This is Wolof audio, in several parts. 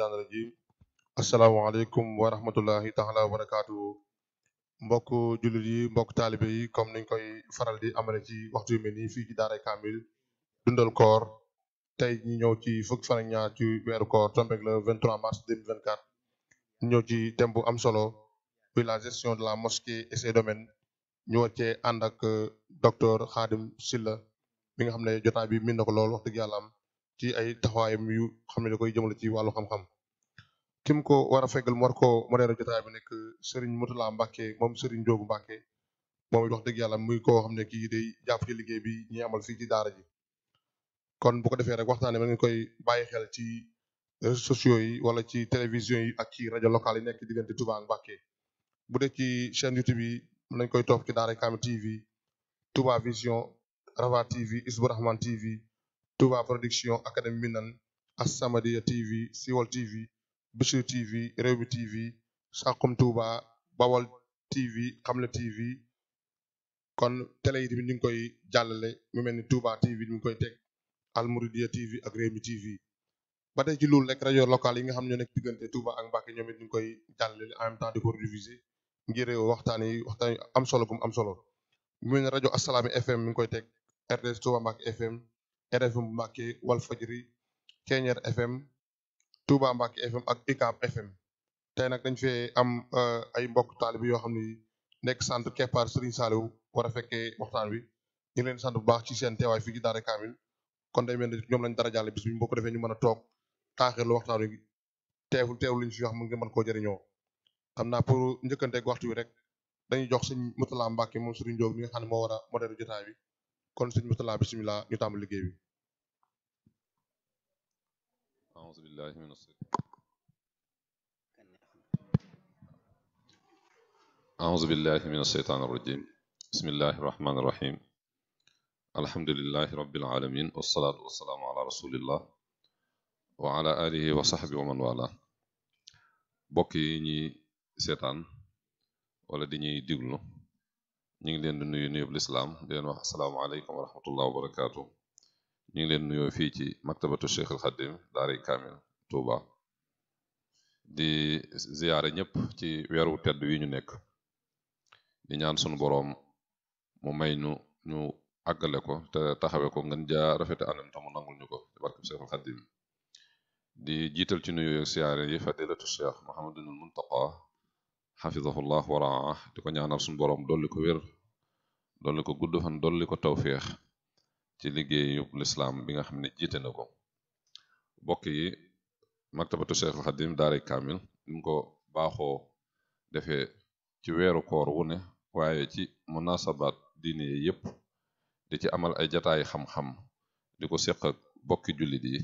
sheytaan rajim asalaamaaleykum wa rahmatullahi taala wa barakaatu mbokk jullit yi mbokk taalibe comme niñ koy faral di amale ci waxtu yu mel nii fii ci daaray kaamil dundal koor tey ñu ñëw ci fukki fan ak ñaar ci weeru koor tombeeg le 23 mars 2024 ñu ñëw ci thème bu am solo bi la gestion de la mosquée et ses ñu war cee ànd ak docteur Khadim Silla mi nga xam ne jotaay bi min ko lool wax dëgg yàlla am ci ay taxawaayam yu xam ne da koy jëmale ci wàllu xam-xam kim ko war a fegal mu war koo modérer jotaay bi nekk Serigne Moutala Mbacke moom Serigne Ndiogu Mbacke moom it wax dëgg yàlla muy koo xam ne kii day jàpp ci liggéey bi ñuy fi fii ci daara ji. kon bu ko defee rek waxtaan bi ngeen koy bàyyi xel ci réseaux sociaux yi wala ci télévision yi ak ci rajo locale yi nekk diggante Touba ak Mbacke bu dee ci chaîne YouTube yi mën nañ koy topp ci Daaray Kamil TV Touba Vision Rava TV Isbu Rahman TV. Touba production académie Minan As-Samadiyya TV Siwal TV Bichri TV Rewmi TV Saxum Touba Bawal TV Xamle TV kon télé yi tamit ñu ngi koy jàllale mu mel ni Touba TV ñu ngi koy teg Almouridiya TV ak Rewmi TV ba tey ci loolu rek rajo locale yi nga xam ñoo nekk diggante Touba ak Mbacké ñoom ñu ngi koy jàllale en même temps di ko rediffuser waxtaan yi waxtaan am solo gum am solo mu mel ni rajo Assalaamy FM mi ngi koy teg RTS Touba Mbacké FM RFM Mbacke Walfajri Ceeñeer FM Touba Mbacke FM ak ICAP FM tey nag dañ fee am euh, ay mbokk taalibe yoo xam ni nekk centre keppaar Serigne Saliou war a fekkee waxtaan wi ñu leen sant bu baax ci seen teewaay fii ci Daara kon day mel ne ñoom lañ dara jàlle bis bi ñu bokk defee ñu mën a toog taaxirlu waxtaan wi teewul teewul liñ fi wax mu ngi mën koo jëriñoo xam na pour njëkkanteeg waxtu wi rek dañuy jox sëñ Moutala Mbacke moom Serigne Diop mi nga xam moo war a modérer jotaay bi kon sëñ Mourtala bisimilah ñu tàmbali liggéey bi aouzu billahi mina أعوذ بالله من الشيطان الرجيم بسم الله الرحمن الرحيم الحمد لله رب العالمين والصلاة والسلام على رسول الله وعلى آله وصحبه ومن والاه bokk yi ñuy seetaan wala di ñuy diglu ñu ngi leen di nuyu nuyub lislaam di leen wax asalaamaaleykum wa rahmatullah ñu ngi leen nuyoo fii ci maktabatu cheikh al xadim daari kaamil tuuba di ziyaare ñëpp ci weeru tedd wi ñu nekk di ñaan sunu boroom mu may nu ñu àggale ko te taxawe ko ngeen jaa rafete anam tamu nangul ñu ko ci barkeb cheikh di jiital ci nuyo ziyaare yi fadilatu cheikh mohamadunul muntaqa xafidahullah waraa a ko ñaanal suñu boroom dolli ko wér dolli ko gudd fan dolli ci liggéeyu lislaam bi nga xam ne jiite na ko bokk yi maktabatu Cheikhul Khadim daaray kaamil ni ko baaxoo defee ci weeru koor wu ne waaye ci munasabat diine yi yépp di ci amal ay jataay xam-xam di ko seq ak bokki jullit yi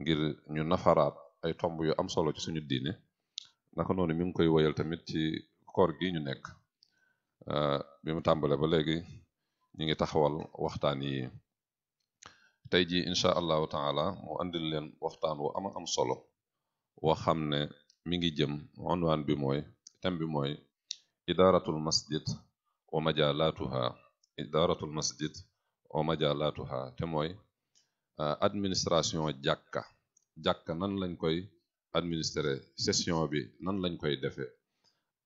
ngir ñu nafaraat ay tomb yu am solo ci suñu diine naka noonu mi ngi koy woyal tamit ci kor gi ñu nekk euh, bi mu tàmbale ba léegi ñu ngi taxawal waxtaan yi tey jii incha allahu taala mu andil leen waxtaan wu ama am solo woo xam ne mi ngi jëm onwaan bi mooy thème bi mooy idaaratul masjid wa majaalaatuha idaaratul masjid wa majaalaatuha te mooy euh, administration jàkka jàkka nan lañ koy administrer session bi nan lañ koy defee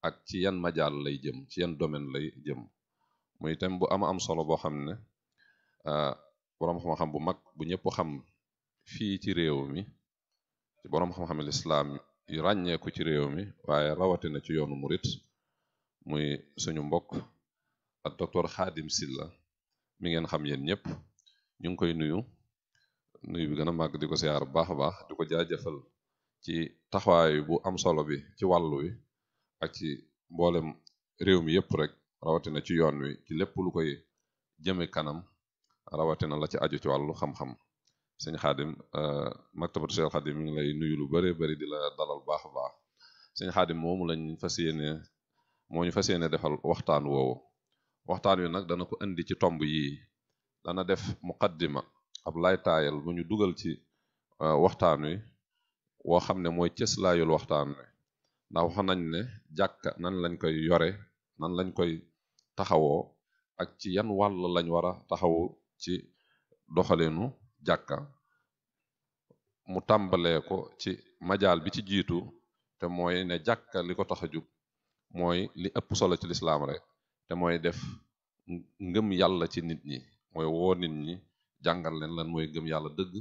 ak ci yan majaal lay jëm ci yan domaine lay jëm muy thème bu ama am solo boo xam ne ah, boroom xam-xam bu mag bu ñëpp xam fii ci réew mi ci boroom xam-xam lislaam yu ràññeeku ci réew mi waaye rawatina ci yoonu murit muy suñu mbokk ak docteur Khadim Silla mi ngeen xam yen ñëpp ñu ngi koy nuyu nuyu bi gën a màgg di ko siyaar bu baax a baax di ko jaajëfal ci taxawaay bu am solo bi ci wàllu wi ak ci mboolem réew mi yëpp rek rawatina ci yoon wi ci lépp lu koy jëme kanam rawatina la ci aju ci wàllu xam-xam sëñ xaadim mak Cheikh xaadim mi ngi lay nuyu lu bare bari di la dalal baax a baax sëñ xaadim moomu lañ fas yéene moo ñu fas yéene defal waxtaan woowu waxtaan wi nag dana ko indi ci tomb yi dana def muqaddima ab laytaayal bu ñu dugal ci euh, waxtaan wi woo xam ne mooy cëslaayul waxtaan ne ndax nañ ne jàkka nan lañ koy yore nan lañ koy taxawoo ak ci yan wàll lañ war a taxawu ci doxalinu jàkka mu tàmbalee ko ci majaal bi ci jiitu te moy ne jàkka li ko tax a mooy li ëpp solo ci lislaam rek te mooy def ngëm yàlla ci nit ñi mooy woo nit ñi jàngal leen lan mooy gëm yàlla dëgg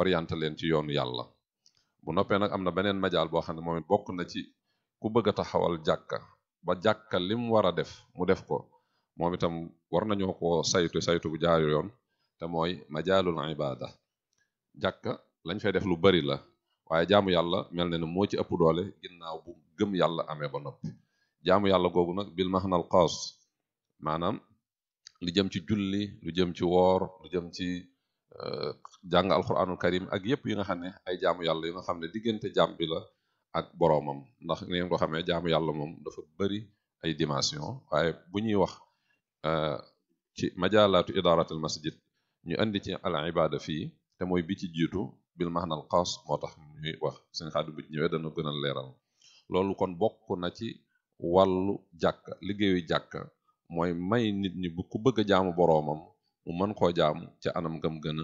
orienté leen ci yoonu yàlla bu noppee nag am na beneen majaal boo xam ne moom it bokk na ci ku bëgg a taxawal jàkka ba jàkka lim war a def mu def ko moom itam war nañoo koo saytu saytu bu jaar yoon te mooy majaalul ibada jàkka lañ fay def lu bari la waaye jaamu yàlla mel na ne moo ci ëpp doole ginnaaw bu gëm yàlla amee ba noppi jaamu yàlla googu nag bil maxnal xaas maanaam lu jëm ci julli lu jëm ci woor lu jëm ci Euh, jàng alquranul karim ak yëpp yi nga xam ne ay jaamu yàlla yi nga xam ne diggante jaam la ak boroomam ndax ni ngeen ko xamee jaamu yàlla moom dafa bëri ay dimension waaye bu ñuy wax euh, ci majalaatu idaratul masjid ñu indi ci al ibada fii te mooy bi ci jiitu bil mahnal xaas moo tax ñuy wax seen xaadu bu ñëwee dana gën a leeral loolu kon bokk na ci wàllu jàkka liggéeyu jàkka mooy may nit ñi bu ku bëgg a jaamu mu mën koo jaamu ca anam gam gën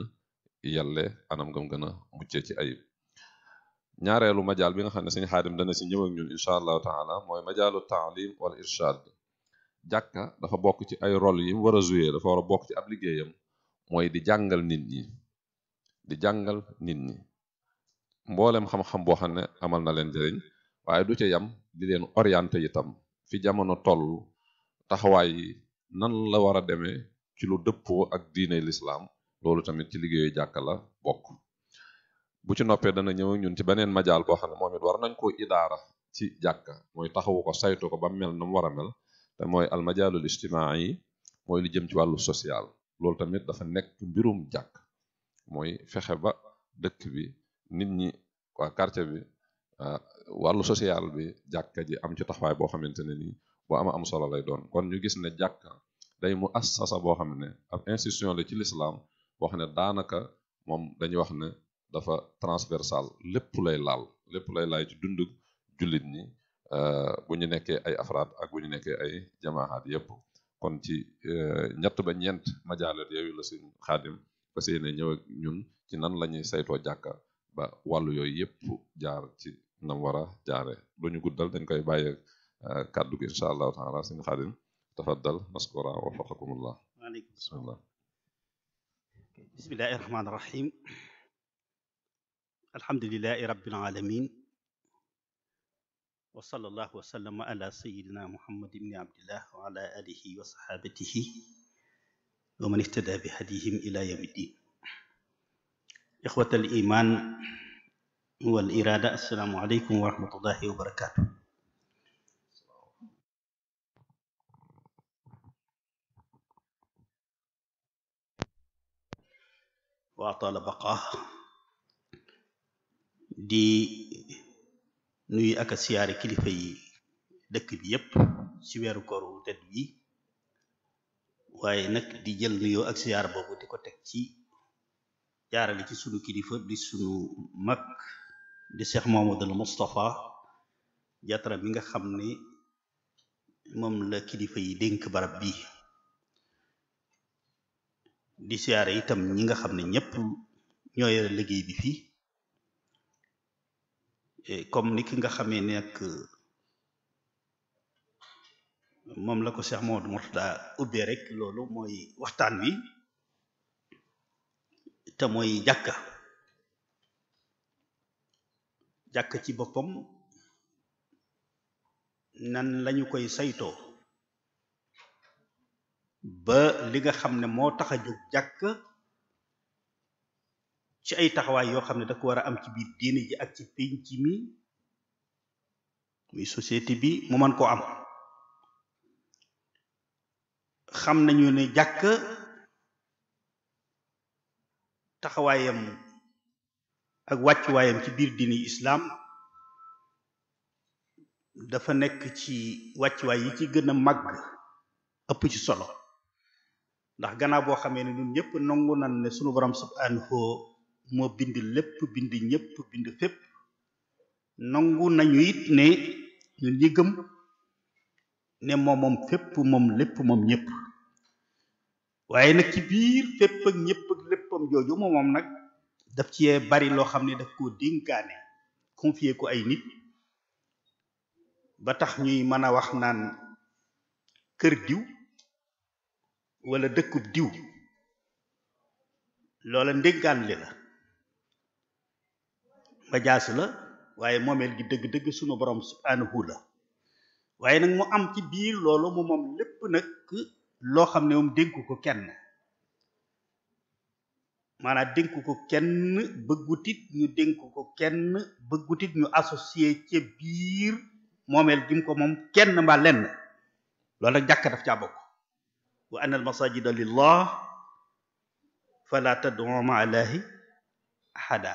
a yelle anam gam gën a muccee ci ayib ñaareelu majaal bi nga xam ne suñu xaadim dana si ñëw ak ñun incha allahu taala mooy majaalu taalim wala irshad jàkka dafa bokk ci ay rôle yi war a joué dafa war a bokk ci ab liggéeyam mooy di jàngal nit ñi di jàngal nit ñi mboolem xam-xam boo xam ne amal na leen jëriñ waaye du ca yam di leen orienté yitam fi jamono toll taxawaay yi nan la war a demee ci lu dëppoo ak diine lislaam loolu tamit ci liggéeyu jàkka la bokk bu ci noppee dana ñëw ñun ci beneen majaal boo xam ne moom it war nañ ko idaara ci jàkka mooy taxawu ko saytu ko ba mel mu war a mel te mooy almajaalul ijtimaa yi mooy lu jëm ci wàllu social loolu tamit dafa nekk mbirum jàkk mooy fexe ba dëkk bi nit ñi waa quartier bi wàllu social bi jàkka ji am ci taxawaay boo xamante ne ni bu ama am solo lay doon kon ñu gis ne jàkka day mu assasa boo xam ne ab institution la ci lislaam boo xam daanaka moom dañuy wax ne dafa transversal lépp lay laal lépp lay laal ci dundu jullit ñi euh, bu ñu nekkee ay afraad ak bu ñu nekkee ay jamaahaat yépp kon ci euh, ñett ba ñeent majaalaat yooyu la suñ xaadim fas yéene ñëw ak ñun ci nan la ñuy saytoo jàkka ba wàllu yooyu yépp jaar ci nam war a jaare lu ñu dal dañ koy bàyyee euh, kàddu gi incha allahu taala suñ xaadim tafaddal maskura waffaqakum allah waaleykum salaam bismillahi rahmaani rahim alhamdulilahi rabbil alamin wa sallallahu wa sallama ala sayyidina muhammad ibni abdillah wa ala alihi wa sahabatihi wa man ihtada bi hadihim ila yawmi ddin ixwata al iman wal irada assalaamu aleykum wa rahmatullahi wa barakatuh wa atala baqaa di nuyu ak a siyaare kilifa yi dëkk bi yépp ci weeru koor wu bi waaye nag di jël nuyoo ak siyaar boobu di ko teg ci jaarale ci sunu kilifa di sunu mag di Cheikh Mouhamadoul Moustapha Diatra mi nga xam ne moom la kilifa yi dénk barab bi di siyaare itam ñi nga xam ne ñëpp ñoo yore liggéey bi fii comme ni ki nga xamee nekk moom la ko Cheikh Mamadou Mourtada ubbee rek loolu mooy waxtaan wi te mooy jàkka jàkka ci boppam nan lañu koy saytoo ba li nga xam ne moo tax a jóg jàkk ci ay taxawaay yoo xam ne da war a am ci biir diine ji ak ci pénc mi muy société bi mu mën koo am xam nañu ne jàkk taxawaayam ak wàccuwaayam ci biir diine islaam dafa nekk ci wàccuwaay yi ci gën a màgg ëpp ci solo ndax gannaaw boo xamee ne ñun ñëpp nangu nan ne sunu borom subhanahu moo bind lépp bind ñëpp bind fépp nangu nañu it ne ñun ñi gëm ne moom fépp moom lépp moom ñëpp waaye nag ci biir fépp ak ñëpp ak léppam jooju moom nag daf ci bari loo xam ne daf koo dénkaane confier ko ay nit ba tax ñuy mën a wax naan kër diw wala dëkku diw loola ndénkaan li la majaas la waaye moomeel gi dëgg-dëgg sunu borom subhanahu la waaye nag mu am ci biir loolu mu moom lépp nag loo xam ne moom dénku ko kenn maanaa dénku ko kenn bëggutit ñu dénku ko kenn bëggutit ñu associe ca biir moomeel gi mu ko moom kenn mbaa lenn loolu nag jàkka daf caa bokk wa anna al masajida lillah fala tad'u ma'a allahi ahada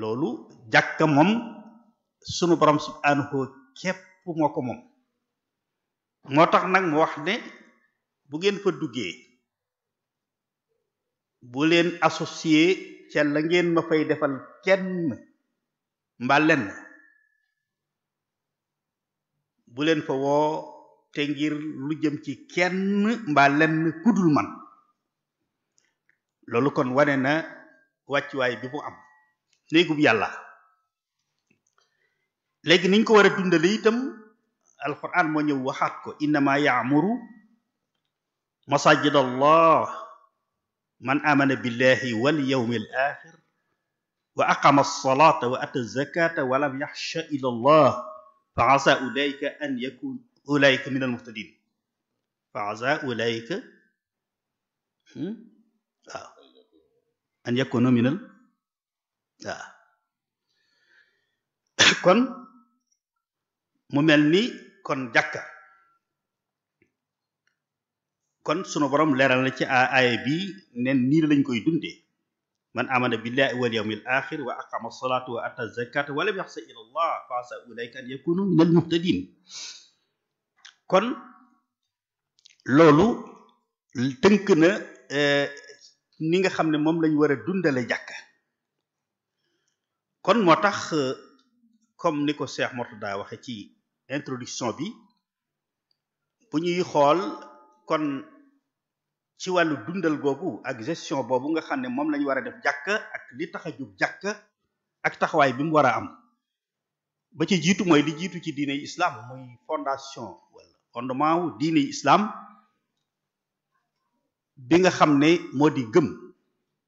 loolu jàkka moom sunu borom subhanahu képp moo ko moom moo tax nag mu wax ne bu ngeen fa duggee bu leen associé ca la ngeen ma fay defal kenn mbaa lenn bu leen fa woo te ngir lu jëm ci kenn mbaa lenn kudul man loolu kon wane na wàccuwaay bi mu am néegub yàlla léegi niñ ko war a dundale itam alquran moo ñëw waxaat ko innama yaamuru masajid allah man amana billahi wal yawmil wa aqama alsalata wa ata zakata wa lam yaxsha ila allah fa asa ulaika an yakun ulaayika min al muhtadin fa'asa ulaayika waaw an yakunu min al waaw kon mu mel ni kon jàkka kon sunu borom leeral na ci aaya bi nen nii lañ koy dundee man amana billahi wal yawmil axir wa aqama salaata wa ata zakata wa lam yaxsa ila allah fa asa ulaika an yakunu min al muhtadin kon loolu tënk na eh, ni nga xam ne moom lañu war a dundale jàkka kon moo tax eh, comme ni ko seex Cheikh daa waxe ci introduction bi bu ñuy xool kon ci wàllu dundal boobu ak gestion boobu nga xam ne moom lañu war a def jàkka ak li tax a jub jàkka ak taxawaay bi mu war a am ba ci jiitu mooy li jiitu ci diine islam muy fondation fondement wu diine islaam bi nga xam ne moo di gëm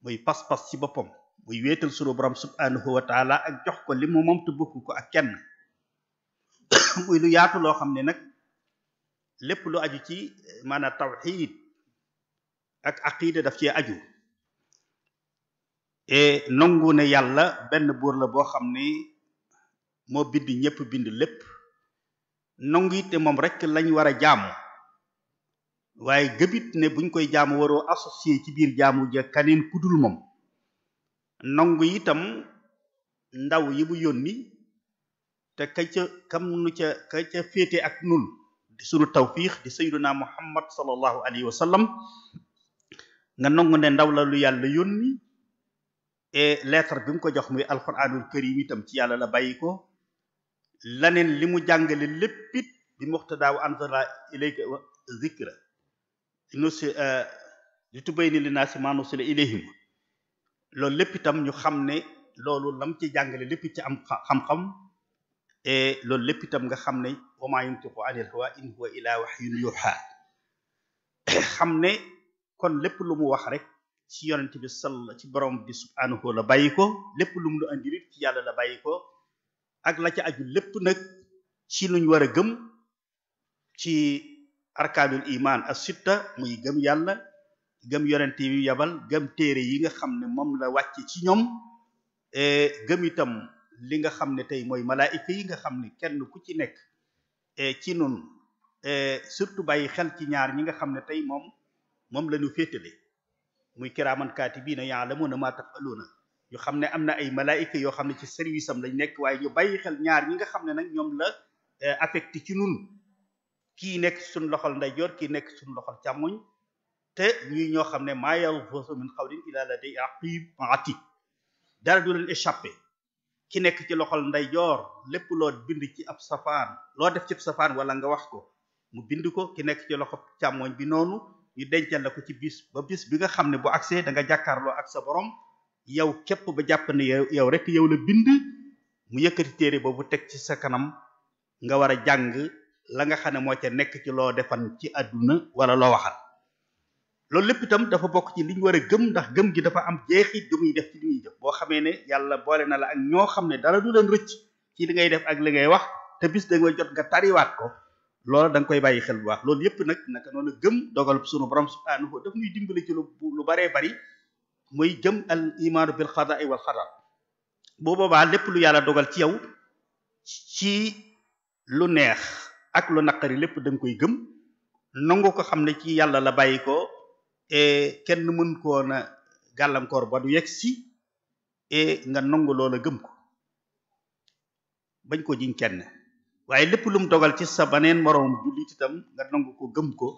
muy pas-pas ci boppam muy wéetal sunu borom subhanahu wa ak jox ko li mu moom te ko ak kenn muy lu yaatu loo xam ne nag lépp lu aju ci maanaam tawxiid ak aqida daf ci aju e nangu ne yàlla benn buur la boo xam ne moo bind ñépp bind lépp nangu it moom rek lañ war a jaamu waaye gëbit ne buñ koy jaamu waroo associé ci biir jaamu ja kaneen ku dul moom nangu itam ndaw yi bu yónni te ka ca kam nu ca ka ca féete ak nun di sunu tawfiix di sayyiduna muhammad sallallahu alayhi wa nga nangu ne ndaw la lu yàlla yónni et bi mu ko jox muy alquranul karim itam ci yàlla la bàyyi ko laneen li mu jàngale léppit di muxtadaa wa anzala ilayka zikra nusi li tubay ni li naa si euh, maa nusila ilayhim loolu lépp itam ñu xam ne loolu lam ci jàngale lépp ci am xam-xam et loolu léppitam nga xam ne wa maa yantiqu anil hawa in huwa ilaa wahyun yuuhaa xam ne kon lépp lu mu wax rek ci yonent bi sall ci borom bi subhaanahu la bàyyi ko lépp lu mu lu andi ci yàlla la bàyyi ko ak la ca aju lépp nag ci luñ war a gëm ci arkaanul imaan as sitta muy gëm yàlla gëm yonente yu yabal gëm téere yi nga xam ne moom la wàcce ci ñoom e gëm itam li nga xam ne tey mooy malaayika yi nga xam ne kenn ku ci nekk e ci nun e surtout bàyyi xel ci ñaar ñi nga xam ne tey moom moom la ñu féetale muy la kaatibiina ya'lamuuna maa taf'aluuna ñu xam ne am na ay malaayika yoo xam ne ci service am lañ nekk waaye ñu bàyyi xel ñaar ñi nga xam ne nag ñoom la euh, affecté ci nun kii nekk suñ loxol ndeyjoor kii nekk suñ loxol càmmoñ te ñuy ñoo xam ne maa yalfizu min qawlin illaa ladayhi raqiibun atiid dara du ki nekk ci loxol ndeyjoor lépp loo bind ci ab safaan loo def ci ab safaan wala nga wax ko mu bind ko ki nekk ci loxo càmmoñ bi noonu ñu dencal la ko ci bis ba bis bi nga xam ne bu agsee da nga jàkkaarloo ak sa borom yow képp ba jàpp ne yow rek yow la bind mu yëkkati téere boobu teg ci sa kanam nga war a jàng la nga xam ne moo ca nekk ci loo defan ci àdduna wala loo waxal loolu lépp itam dafa bokk ci li war a gëm ndax gëm gi dafa am jeexit ju def ci li ñuy boo xamee ne yàlla boole na la ak ñoo xam ne dara du leen rëcc ci li ngay def ak li ngay wax te bis da nga jot nga tariwaat ko loolu da koy bàyyi xel bu baax loolu yëpp nag naka noonu gëm dogal sunu borom subhanahu daf ñuy dimbali ci lu lu baree bari muy jëm al imaanu bil xadaai wal xadar bu boobaa lépp lu yàlla dogal ci yow ci lu neex ak lu naqari lépp danga koy gëm nangu ko xam ne ci yàlla la bàyyi ko e kenn mën koo na gàllankoor ba du yegg si e nga nangu loola gëm ko bañ ko jiñ kenn waaye lépp lum dogal ci sa baneen moroom jullit itam nga nangu ko gëm ko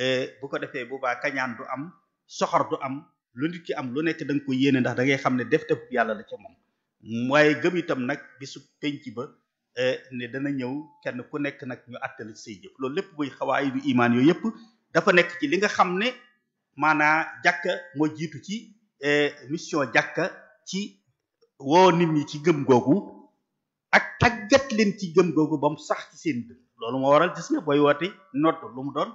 e bu ko defee boobaa kañaan du am soxar du am lu nit ki am lu nekk danga koy ko yéene ndax da ngay xam ne def def yàlla la ca moom waaye gëm itam nag bisu penc ba eh, ne dana ñëw kenn ku nekk nag ñu àttali say jëf loolu lépp muy xawaayi du imaan yooyu yëpp dafa nekk ci li nga xam ne maanaa jàkka moo jiitu ci eh, mission jàkka ci woo nit ñi ci gëm googu ak tàggat leen ci gëm googu ba mu sax ci seen dëkk loolu moo waral gis nga booy nodd lu mu doon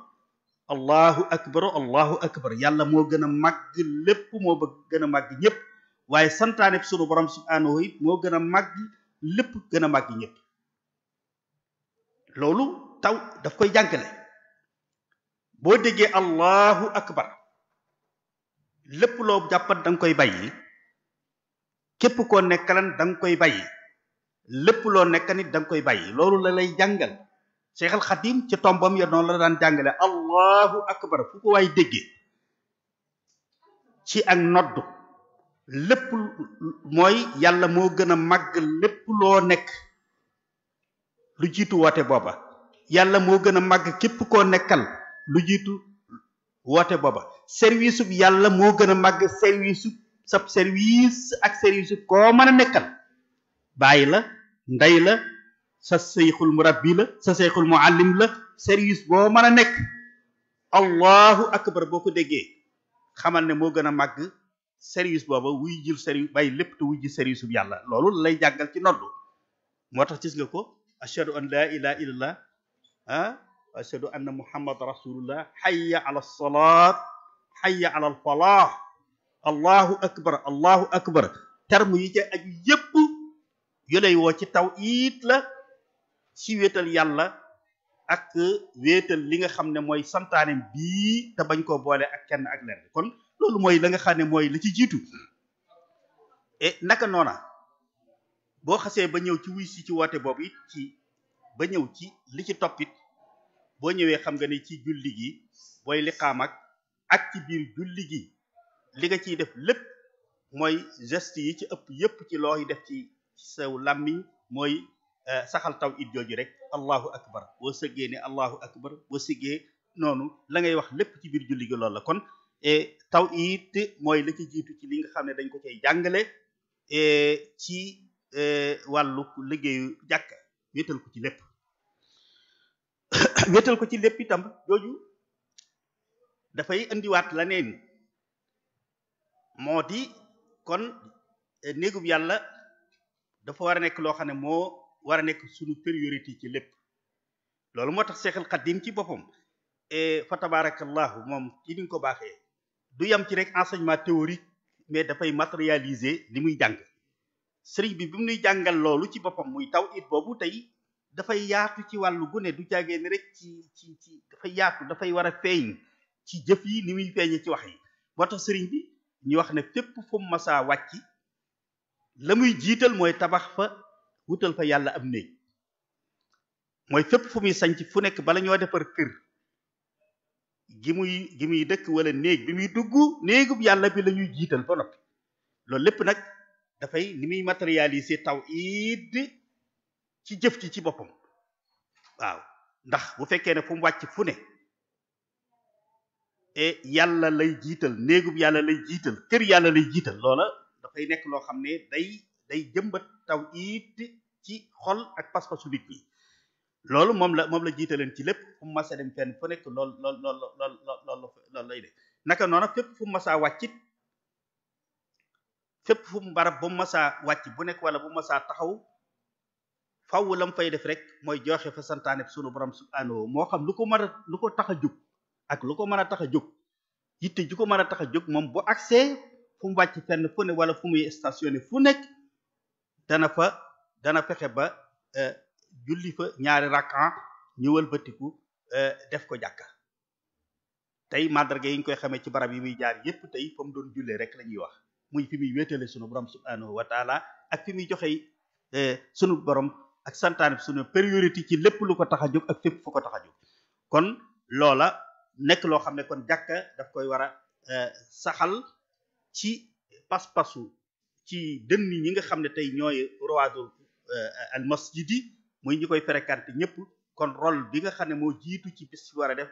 allahu akbar allahu akbar yàlla moo gën a màgg lépp moo bëgg gën a màgg ñëpp waaye santaane sunu borom subhaanahu it moo gën a mag lépp gën a màgg ñëpp loolu taw daf koy jàngale boo déggee allahu akbar lépp loo jàppat da nga koy bàyyi képp koo nekkalan da nga koy bàyyi lépp loo nekkanit da nga koy bàyyi loolu la lay jàngal Cheikh al Xadim ci tombam ya noonu la daan jàngale allahu akbar fu ko waay déggee ci ak noddu lépp mooy yàlla moo gën a màgg lépp loo nekk lu jiitu woote booba yàlla moo gën a màgg képp koo nekkal lu jiitu woote booba service ub yàlla moo gën a màgg service ub sab service ak service koo mën a nekkal bàyyi la nday la sa seyxul murabbi la sa seyxul muallim la service boo mën a nekk allahu akbar boo ko déggee xamal ne moo gën a mag service booba wuy jël service bàyyi lépp te wuy jël service yàlla loolu lay jàngal ci noddu moo tax gis nga ko ashhadu an laa ilaha illallah ah ashhadu anna muhammad rasulullah hayya ala salaat allahu akbar allahu akbar terme yi ca aju yépp yu lay woo ci tawhid la ci wéetal yàlla ak wéetal li nga xam ne mooy santaaneem bii te bañ koo boole ak kenn ak lenn kon loolu mooy la nga xam ne mooy la ci jiitu e naka noona boo xasee ba ñëw ci wuy si ci woote boobu it ci ba ñëw ci li ci toppit boo ñëwee xam nga ne ci julli gi booy liqaam ak ak ci biir julli gi li nga ciy def lépp mooy gest yi ci ëpp yépp ci looy def ci sew làmmiñ mooy Eh, saxal taw it jooju rek allahu akbar boo sëggee ne allahu akbar boo siggee noonu la ngay wax lépp ci biir julli gi la kon eh, taw it mooy la ci jiitu ci li nga xam ne dañ ko cay jàngale eh, ci wàllu liggéeyu jàkk wéetal ko ci lépp ko ci lépp itam jooju dafay indiwaat la neen moo di kon néegub yàlla dafa war a nekk loo xam ne moo war a nekk suñu priorité ci lépp loolu moo tax Seexal Xadim ci boppam e fa tabarakallahu moom ci niñ ko baaxee du yam ci rek enseignement théorique mais dafay matérialiser li muy jàng sëriñ bi bi nuy jàngal loolu ci boppam muy taw it boobu tey dafay yaatu ci wàllu gune du jàggee ni rek ci ci ci dafay yaatu dafay war a feeñ ci jëf yi ni muy feeñe ci wax yi moo tax sëriñ bi ñu wax ne fépp fu mu masaa wàcc la muy jiital mooy tabax fa wutal fa yàlla am néeg mooy fépp fu muy sanc fu nekk bala ñoo defar kër gi muy gi muy dëkk wala néeg bi muy dugg néegub yàlla bi la ñuy jiital ba noppi loolu lépp nag dafay ni muy matérialiser tawhid ci jëf ci ci boppam waaw ndax bu fekkee ne fu wàcc fu ne e yàlla lay jiital néegub yàlla lay jiital kër yàlla lay jiital loola dafay nekk loo xam ne day day jëmbat taw it ci xol ak pas-pasu nit ñi loolu moom la moom la jiitaleen ci lépp fu mu masa dem fenn fu nekk lool lool lool lool lool loolu lay de naka noonu fépp fu mu masaa wàccit fépp fu mu barab bu mu masaa wàcc bu nekk wala bu masaa taxaw faw lam fay def rek mooy joxe fa santaane sunu borom subhanahu moo xam lu ko mën a lu ko tax a jóg ak lu ko mën a tax a jóg yitte ju ko mën a tax a jóg moom bu accès fu mu wàcc fenn fu ne wala fu muy stationné fu nekk dana fa dana fexe ba euh, julli fa ñaari rakkan ñu wëlbatiku euh, def ko jàkka tey màndarga yi ñu koy xamee ci barab yi muy jaar yépp tey fa mu doon jullee rek la ñuy wax muy fi muy wéetale sunu borom subhanahu wa taala ak fi muy joxe euh, sunu borom ak santaane sunu priorité ci lépp lu ko tax a jóg ak fépp fu ko tax a kon loola nekk loo xam ne kon jàkka daf koy war a saxal ci pas-pasu ci dënn ñi nga xam ne tey ñooy roisul eh, al masjid yi muy ñi koy fréquenté ñëpp kon rôle bi nga xam ne moo jiitu ci bis ci war a def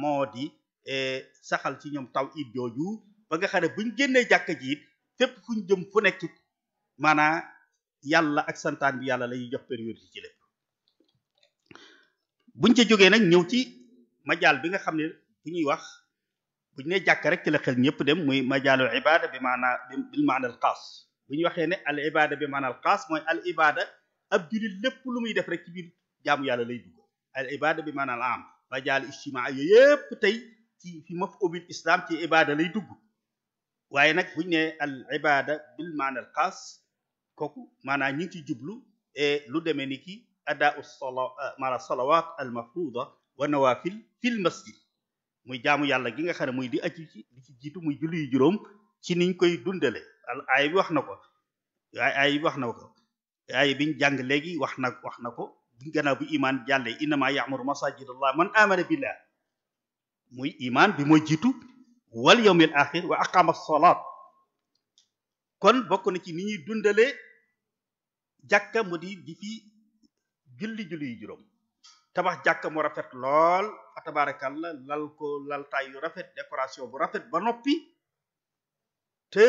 moo di eh, saxal ci ñoom taw it jooju ba nga xam ne buñ génnee ji it fépp jëm fu nekk maanaa yàlla ak santaan bi yàlla lay jox priorité ci lépp buñ ca jógee nag ñëw ci majaal bi nga xam ne bu ñuy wax buñ ne jàkk rek ci la xel ñëpp dem muy majaalul ibada bi maanaa bil maanal xaas bu ñu waxee ne al ibada bi maanaal xaas mooy al ibada ab julit lépp lu muy def rek ci biir jaamu yàlla lay dugg al ibada bi maanaal am rajaal ijtimaa yooyu yëpp tey ci fi maf ubil islam ci ibada lay dugg waaye nag buñu ne al ibada bil maanaal xaas kooku maanaam ñi ngi ci jublu e lu demee ni ki adaau mara maana salawat al mafruda wa nawafil fil masjid muy jaamu yàlla gi nga xam ne muy di aju ci di ci jiitu muy julli yu juróom ci niñ koy dundale aay bi wax na ko aay bi wax na ko aay biñ jàng léegi wax na wax na ko gannaaw bu imaan jàllee innama ya'muru masajidallah man amana billah muy imaan bi mooy jiitu wal yawmil axir wa aqama salaat kon bokk na ci ni ñuy dundalee jàkka mu di fi julli julli juróom tabax jàkka mu rafet lool fa tabarakallah lal ko laltaay yu rafet décoration bu rafet ba noppi te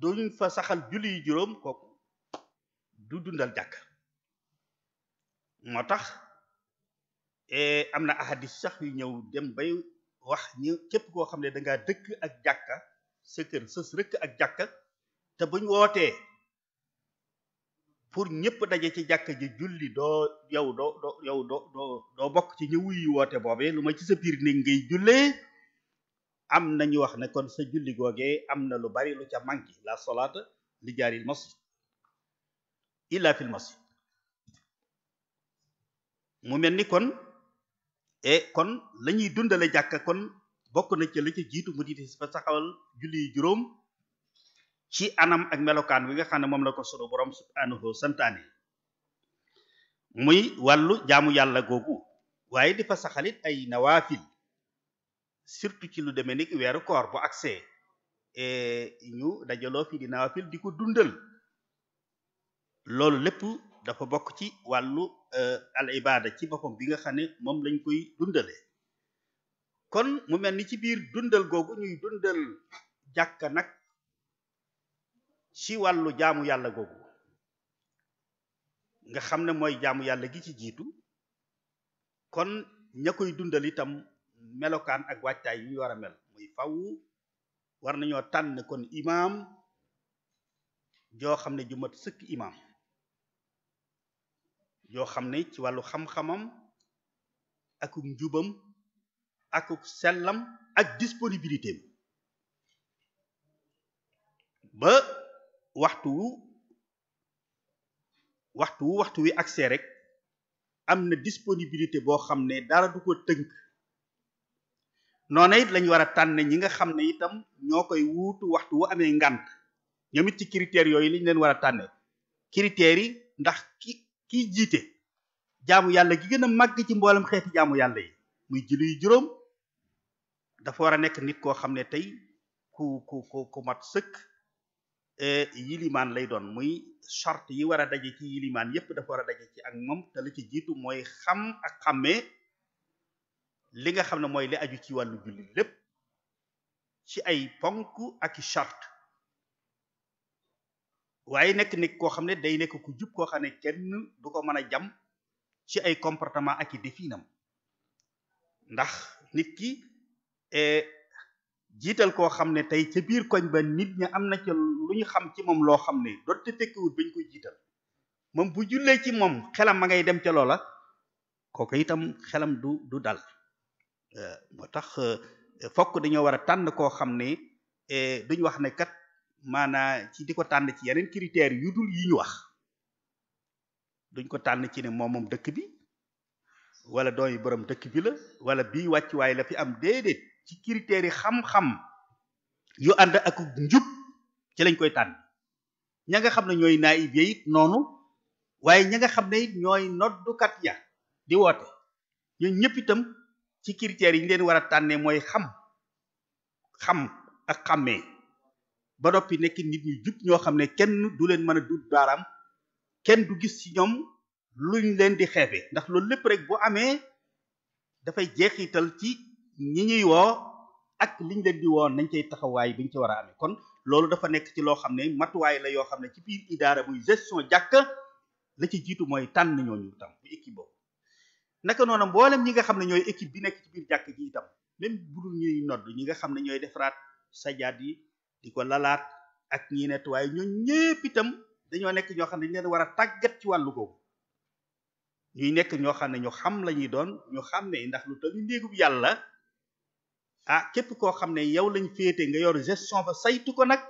duñ fa saxal julli yi juróom kooku du dundal jàkk moo tax e, am na ahadis sax yu ñëw dem bay wax ñu képp koo xam ne dangaa dëkk ak jàkka sa kër sës rëkk ak jàkka te buñ wootee pour ñëpp daje ci jàkk ji julli doo yow doo doo yow doo doo doo bokk ci ñu wuyu woote boobee lu ma ci sa piir néeg ngay jullee am nañu wax ne kon sa julli googee am na lu bari lu ca manki la salaata li jaaril masjid illa fil masjid mu mel ni kon e kon lañuy dundale jàkka kon bokk na ci la ca jiitu mu diitis ba saxawal julli yi juróom ci anam ak melokaan wi nga xam ne moom la ko solo borom subhanahu santaane muy wàllu jaamu yàlla googu waaye di fa saxalit ay nawaafil surtout ci lu demee ni weeru koor bu agsee e, ñu dajaloo fi di naawafil di ko dundal loolu lépp dafa bokk ci wàllu e, al ibada ci boppam bi nga xam ne moom lañ koy dundale kon mu mel ni ci biir dundal googu ñuy dundal jàkka nag ci wàllu jaamu yàlla googu nga xam ne mooy jaamu yàlla gi ci jiitu kon ña dundal itam melokaan ak waajtaay yu ñu war a mel muy faw war nañoo tànn kon imaam joo xam ne ju mat sëkk imaam joo xam ne ci wàllu xam-xamam akuk njubam akuk sellam ak disponibilité ba waxtu wu waxtu wu waxtu wi accès rek am na disponibilité boo xam ne dara du ko tënk noona it lañ war a tànn ñi nga xam ne itam ñoo koy wuutu waxtu wu amee ngànt ñoom it ci critères yooyu liñ leen war a tànne critères yi ndax ki kiy jiite jaamu yàlla gi gën a màgg ci mboolem xeeti jaamu yàlla yi muy julli yu juróom dafa war a nekk nit koo xam ne tey ku ku ku ku mat sëkk eh, yilimaan lay doon muy charte yi war a daje ci yilimaan yépp dafa war a daje ci ak moom te la ci jiitu mooy xam ak xàmmee li nga xam ne mooy li aju ci wàllu julli lépp ci ay ponk ak i charte waaye nekk nit koo xam ne day nekk ku jub koo xam ne kenn du ko mën a jam ci ay comportement ak i ndax nit ki eh, jiital koo xam ne tey ca biir koñ ba nit ña am na ca lu ñu xam ci moom loo xam ne doonte tekkiwut bañ koy jiital moom bu jullee ci moom xelam ma ngay dem ca loola kooku itam xelam du du dal Euh, moo tax euh, fokk dañoo war a tànn koo xam ne euh, duñ wax ne kat maanaa ci di ko tànn ci yeneen critères yu dul yi ñu wax duñ ko tànn ci ne moom dëkk bi wala doom yi borom dëkk bi la wala bii wàccuwaay la fi am déedéet ci critères yi xam-xam yu ànd ak njub ci lañ koy tànn ña nga xam ne ñooy naayib ya it noonu waaye ña nga xam ne it ñooy noddukat ya di woote ñun ñëpp itam ci critères yi ñu leen war a tànnee mooy xam xam ak xàmmee ba noppi nekk nit ñu jut ñoo xam ne kenn du leen mën a dut baaraam kenn du gis ci ñoom luñ leen di xeebe ndax loolu lépp rek bu amee dafay jeexital ci ñi ñuy woo ak liñ leen di woo nañ cay taxawaay bi ñu ci war a amee kon loolu dafa nekk ci loo xam ne matuwaay la yoo xam ne ci biir idaara muy gestion jàkk la ci jiitu mooy tànn ñooñu tam bu équipe naka noonu mbooleem ñi nga xam ne ñooy équipe bi nekk ci biir jàkk ji itam même bu dul ñuy nodd ñi nga xam ne ñooy defaraat sajaat yi di ko lalaat ak ñi nettuwaay ñoo ñépp itam dañoo nekk ñoo xam ne dañu leen war a tàggat ci wàllu googu ñuy nekk ñoo xam ne ñu xam lañuy doon ñu xam ne ndax lu tollu néegub yàlla ah képp koo xam ne yow lañ féete nga yor gestion ba saytu ko nag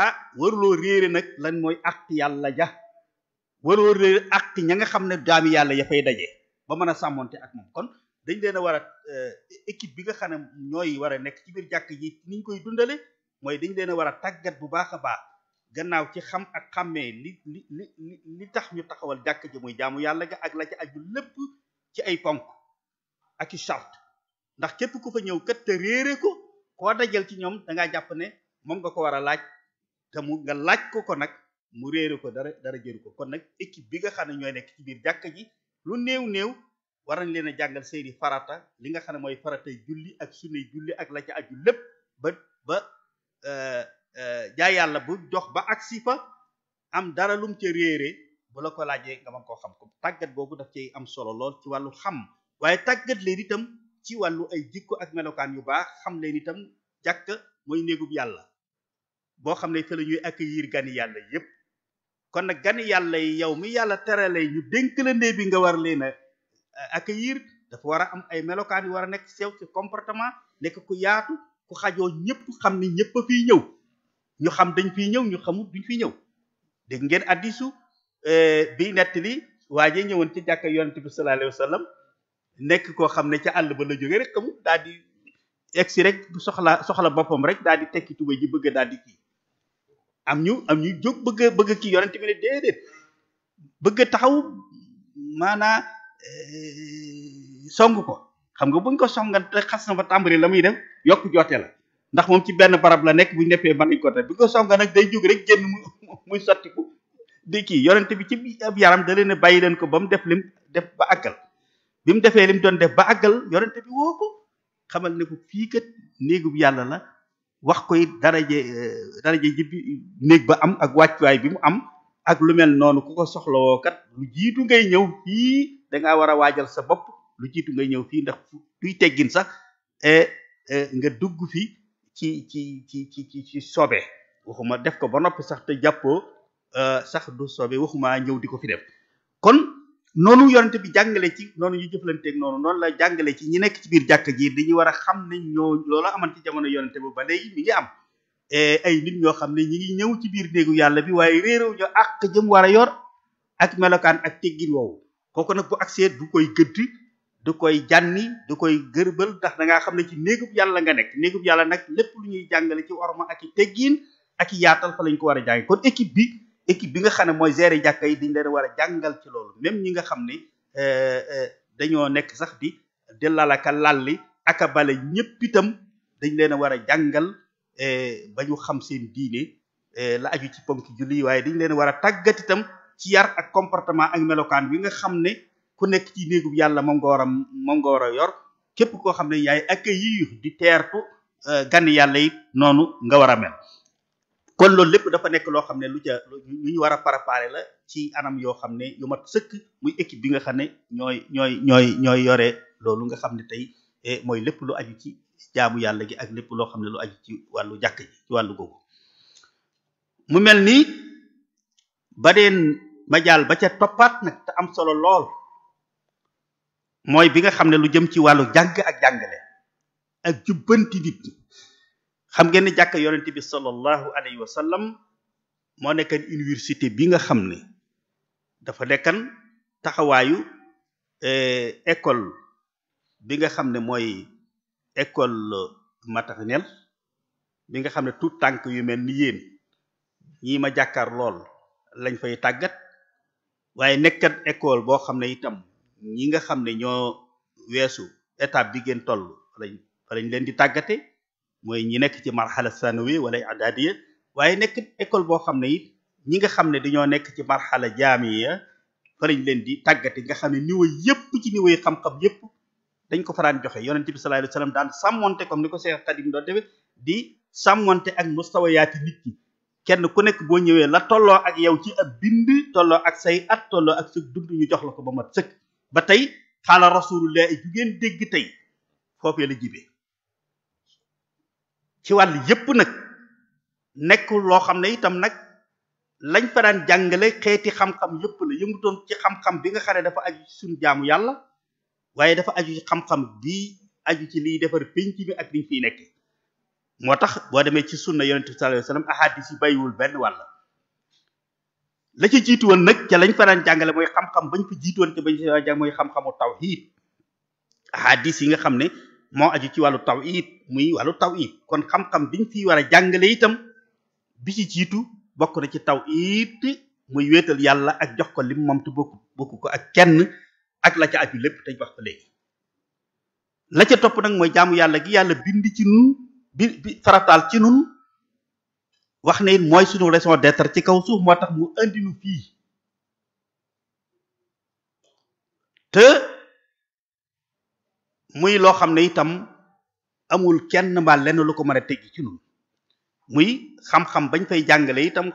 ah waruloo réere nag lan mooy àq yàlla ja waroo réere àq ña nga xam ne daami yàlla ya fay daje ba mën a sàmmoonte ak moom kon dañ leen a war a euh, équipe bi nga xam ne ñooy war a nekk ci biir jàkk yi ni koy dundale mooy dañ leen a war a tàggat bu baax a baax gannaaw ci xam ak xàmmee li li li tax ñu taxawal jàkk ji muy jaamu yàlla ga ak la ca aju lépp ci ay ponk ak i charte ndax képp ku fa ñëw kat te réere ko koo dajal ci ñoom da ngaa jàpp ne moom nga ko war a laaj te mu nga laaj ko ko nag mu réere ko dara dara jëru ko kon nag équipe bi nga xam ne ñooy nekk ci biir jàkk ji lu néew néew war nañ leen a jàngal seeni farata li nga xam ne mooy faratay julli ak sunnay julli ak la ca aju lépp ba ba euh, euh, jaay yàlla bu jox ba agsi fa am dara lum ca réere bu la ko laajee nga mën ko xam ko tàggat boobu daf cay am solo lool ci wàllu xam waaye tàggat leen itam ci wàllu ay jikko ak melokaan yu baax xam leen itam jàkk mooy néegub yàlla boo xam ne fa la ak accueillir gani yàlla yépp kon nag gani yàlla yi yow mi yàlla terale ñu dénk la ndee bi nga war leen a eh, accueillir dafa war a am ay melokaan war a nekk sew ci comportement nekk ku yaatu ku xajoo ñëpp xam ni ñëpp a fiy ñëw ñu xam dañ fi ñëw ñu xamut duñ fi ñëw dégg ngeen addisu eh, bi nett li waa jee ñëwoon ci jàkka yonent bi sallallahu alayhi nekk koo xam ne ci àll ba la jógee rek xamut daal di egsi rek soxla soxla boppam rek daal di tekki tuba ji bëgg daal di kii am ñu am ñu jóg bëgg bëgg kii yonent bi ne déedéet bëgg taxaw maanaa eh, song ko xam nga buñ ko songante xas na fa la muy def yokk joote la ndax moom ci benn barab la nekk buñ defee man ko te songa nag day jóg rek génn mu muy sottiku di kii yonent bi ci ab yaram da leen bàyyi leen ko ba mu def lim def ba àggal bi mu defee lim doon def ba àggal yonent bi woo ko xamal ne ko fii kat néegub yàlla la wax ko it daraje eh, daraje ji néeg ba am ak wàccuwaay bi mu am ak lu mel noonu ku ko soxlawoo kat lu jiitu ngay ñëw fii dangaa war a waajal sa bopp lu jiitu ngay ñëw fii ndax tuy teggin sax eh, eh, nga dugg fi ci ci ci ci ci sobe waxuma def ko ba noppi sax te jàppoo sax du sobe waxumaa ñëw di ko fi def kon noonu yonent bi jàngale ci noonu ñu jëflanteeg noonu noonu la jàngale ci ñi nekk ci biir jàkk ji dañuy war a xam ne ñoo loola aman ci jamono yonent bi ba léegi mi ngi am e, ay nit ñoo xam ne ñi ngi ñëw ci biir néegu yàlla bi waaye réeréw ñoo àq jëm war a yor ak melokaan ak teggin woowu kooku nag bu agsee du koy gëdd du koy jànni du koy gërbal ndax da ngaa xam ne ci néegub yàlla nga nekk néegub yàlla nag lépp lu ñuy jàngale ci orma ak i teggin ak yaatal fa lañ ko war a jàngi kon équipe bi équipe bi nga xam ne mooy gérer jàkka yi dañ leen war a jàngal ci loolu même ñi nga xam ne euh, euh, dañoo nekk sax di dellalaka lalli aka bale ñëpp itam dañ leen a war a jàngal euh, ba ñu xam seen diine la aju ci ponk julli waaye dañ leen war a tàggat itam ci yar ak comportement ak melokaan bi nga xam ne ku nekk ci néegub yàlla moom nga war a moom nga a yor képp koo xam ne yaay accueillir di teertu gan yàlla yi noonu nga war a mel kon loolu lépp dafa nekk loo xam ne lu ca lu ñu war a la ci anam yoo xam ne yu mat sëkk muy équipe bi nga xam ne ñooy ñooy ñooy ñooy yore loolu nga xam ne tey eh, mooy lépp lu aju ci jaamu yàlla gi ak lépp loo xam ne lu aju ci wàllu jàkk ji ci wàllu googu mu mel ni baneen majaal ba ca toppaat te am solo lool mooy bi nga xam ne lu jëm ci wàllu jàng ak jàngale ak jubbanti nit xam ngeen ne jàkka yonent bi sallallahu alayhi wa sallam moo nekkan université bi nga xam ne dafa nekkan taxawaayu eh, école bi nga xam ne mooy école maternelle bi nga xam ne tout tànk yu mel ni yéen ñii ma jàkkaar lool lañ fay tàggat waaye nekkat école boo xam ne itam ñi nga xam ne ñoo weesu étape bi ngeen toll fa lañ leen di tàggate mooy ñi nekk ci marxala sanawi wala i'dadiya waaye nekk école boo xam ne it ñi nga xam ne dañoo nekk ci marxala jaamiya fa lañ leen di tàggati nga xam ne niveau yëpp ci niveau yi xam-xam yëpp dañ ko faraan joxe yonente bi sallallahu alayhi wasallam daan sàmmonte comme ni ko Seex Xadim doon di sàmmonte ak mustawayaati nit ki kenn ku nekk boo ñëwee la tolloo ak yow ci ab bind tolloo ak say at tolloo ak sa dund ñu jox la ko ba mat sëkk ba tey xaala rasulullahi ju ngeen dégg tey foofee la jibee ci wàll yépp nag nekkul loo xam ne itam nag lañ fa daan jàngale xeeti xam-xam yépp la yëngutoon ci xam-xam bi nga xam ne dafa aju ci suñu jaamu yàlla waaye dafa aju ci xam-xam bi aju ci liy defar pénc mi ak liñ fi nekk moo tax boo demee ci sunna na bi sallallahu alayhi wasallam ahadis yi bàyyiwul benn wàlla la ci jiitu woon nag ca lañ fa daan jàngale mooy xam-xam bañ fa jiitu woon ca bañ fa jàng mooy xam-xamu tawhid ahadis yi nga xam ne moo aju ci wàllu it muy wàllu tawhid kon xam-xam biñ fi wara jàngale itam bi ci jiitu bokk na ci tawhid muy wéetal yàlla ak jox ko lim moom te bokku bokku ko ak kenn ak la ca aju lépp te wax ko léegi la ca topp nag mooy jaamu yàlla gi yàlla bind ci nun bi farataal ci nun wax na it mooy sunu raison d'être ci kaw suuf moo tax mu indi fii te muy loo xam ne itam amul kenn mbaa lenn lu ko mën a teggi ci ñun muy xam-xam bañ fay jàngale itam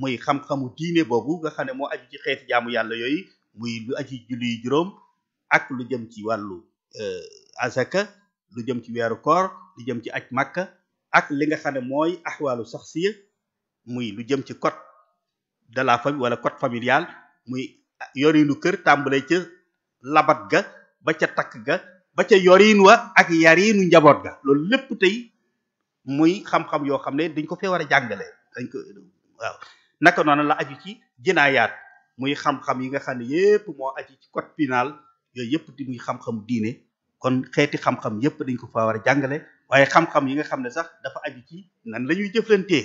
muy xam-xamu diine boobu nga xam ne moo aju ci xeeti jaamu yàlla yooyu muy lu aju juróom ak lu jëm ci wàllu euh, azaka lu jëm ci weeru koor lu jëm ci aj màkka ak li nga xam ne mooy axwaalu saxsiya muy lu jëm ci code de la wala code familial muy ah, yorinu kër tàmbale ca labat ga ba ca takk ga ba ca yorin wa ak yarinu njaboot ga loolu lépp tey muy xam-xam yoo xam ne dañ ko fee war a jàngale dañ ko naka noonu la aju ci jinaayaat muy xam yi nga xam ne yépp moo aju ci code pénal yooyu yépp di muy xam-xam diine kon xeeti xam-xam dañ ko fa war a jàngale waaye xam-xam yi nga xam ne sax dafa aju ci nan la ñuy jëflantee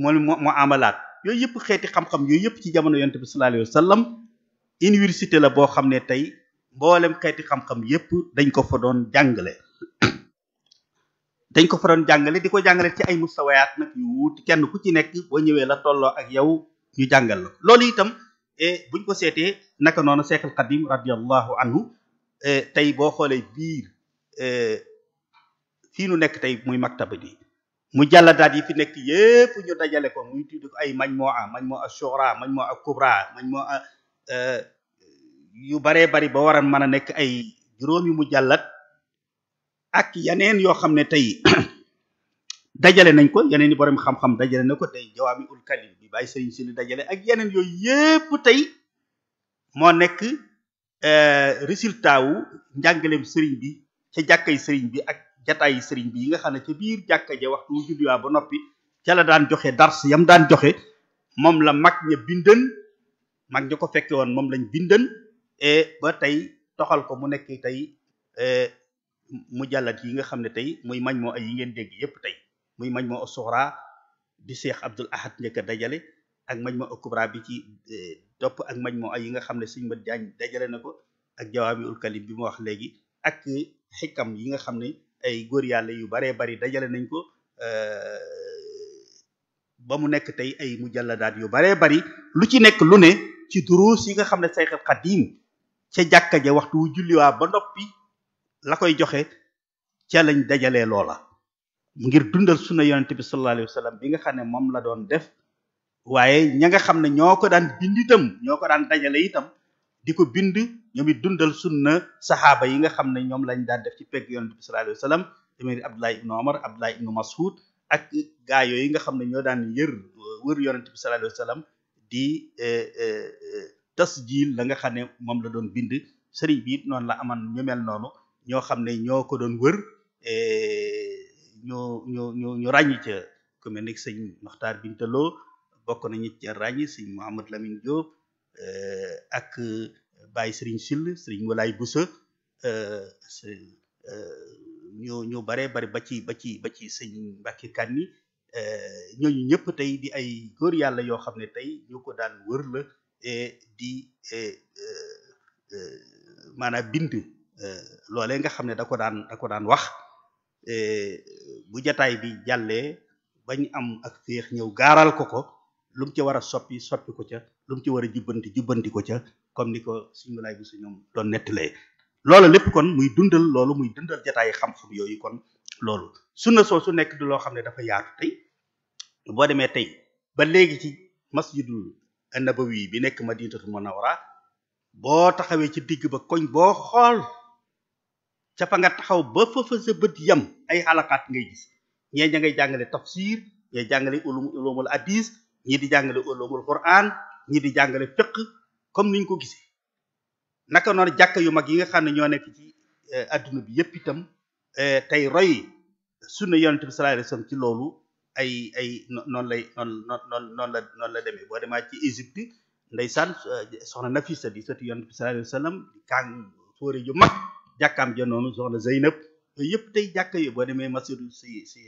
moo moo amalaat yooyu yépp xeeti xam-xam yooyu yépp ci jamono yonent bi sallallahu alayhi wasallam université la boo xam ne tey mboolem xeeti xam-xam yépp dañ ko fa doon jàngale dañ ko fa jàngale di ko jàngale ci ay mustawayaat nag yu wuuti kenn ku ci nekk boo ñëwee la tolloo ak yow ñu jàngal la loolu itam e, buñ ko seetee naka noonu Seex al Xadim radiallahu anhu e, tey boo xoolee biir e, fii nu nekk tey muy maktaba bi mu daal yi fi nekk yépp ñu dajale ko muy tudd ko ay mañ moo a mañ moo a shora mañ moo a kubra mañ moo a yu baree bari ba war a mën a nekk ay juróomi mu jàllat ak yeneen yoo xam ne tey dajale nañ ko yeneen i borom xam-xam dajale na ko tey jawaami ul kalim bi bàyyi sëriñ si dajale ak yeneen yooyu yépp tey moo nekk euh, résultat wu njàngaleem sëriñ bi ca jàkkay sëriñ bi ak jataayi sëriñ bi yi nga xam ne ca biir jàkka ja waxtu wu julliwaa ba noppi ca la daan joxe dars yam daan joxe moom la mag ña bindan mag ña ko fekke woon moom lañ bindan E ba tey toxal ko mu nekk tey e, mu jàllat yi nga xam ne tey muy mañ moo ay yi ngeen dégg yépp tey muy mañ moo suxra bi Seex Abdul Ahad njëkk dajale ak mañ moo bi ci e, topp ak mañ moo ay yi nga xam ne Sëñ Mat Jaañ dajale na ko ak jawaamiul kalim bi ma wax léegi ak xikam yi nga xam ne ay góor yàlla yu baree bari dajale nañ ko ba mu nekk tey ay mujalladaat yu baree bari lu ci nekk lu ne ci duruus yi nga xam ne Seex Xaadim ca jàkka ja waxtu wu julliwaa ba noppi la koy joxe ca lañ dajale loola ngir dundal sunna yonente bi sallallahu alayhi bi nga xam ne moom la doon def waaye ña nga xam ne ñoo ko daan bind itam ñoo ko daan dajale itam di ko bind ñoom it dundal sunna saxaaba yi nga xam ne ñoom lañ daan def ci pegg yonente bi sallallahu alayhi wasallam demee ni Abdullah ibnu Omar Abdullah ibnu Mas'ud ak gaa yooyu nga xam ne ñoo daan yër wër yonente bi sallallahu alayhi wasallam di eh, eh, eh, tasjiil la nga xam ne moom la doon bind sëriñ bi noonu la aman ñu mel noonu ñoo xam ne ñoo ko doon wër ñu ñu ñu ñu ràññi ca ku mel ni sëñ Maxtaar Bintaloo bokk nañu ca ràññ sëñ Mouhamad Lamine Diop eh, ak Baye Sëriñ Sill sëriñ Walaay Busa ñu ñu bare bari ba ci ba sëñ Mbàkke Kanni eh, ñooñu tey di ay góor yàlla yoo xam ne tey ñu ko daan wër la E di e, e, maanaam bind loolee nga xam ne da ko daan da daan wax bu jataay bi jàllee bañ am ak féex ñëw gaaral ko ko lu mu ci war a soppi soppi ko ca lu mu ci war a jubbanti jubbanti ko ca comme ni ko suñu laay bu ñoom doon nettalee loolu lépp kon muy dundal loolu muy dundal jataayi xam-xam yooyu kon loolu sunna soo su nekk di loo xam ne dafa yaatu tey boo demee tey ba léegi ci masjidul annabawi bi nekk ma madinatul munawwara boo taxawee ci digg ba koñ boo xool ca nga taxaw ba fa fa sa bët yam ay xalaqaat ngay gis ñee ña ngay jàngale tafsir ñee jàngale ulum ulumul hadis ñii di jàngale ulumul quran ñii di jàngale fiqh comme niñ ko gisee naka noonu jàkka yu mag yi nga xam ne ñoo nekk ci eh, adduna bi yépp itam eh, tey roy sunna yonente bi sallallahu alayhi ci loolu ay ay noonu lay noonu la noonu la demee boo demaat ci Égypte ndeysaan euh, soxna Nafisa di sëtu yonent bi sallallahu alayhi wa sallam di kàng fóore jàkkaam ja soxna Zeynab yooyu yëpp tey jàkka yi boo demee masiru si si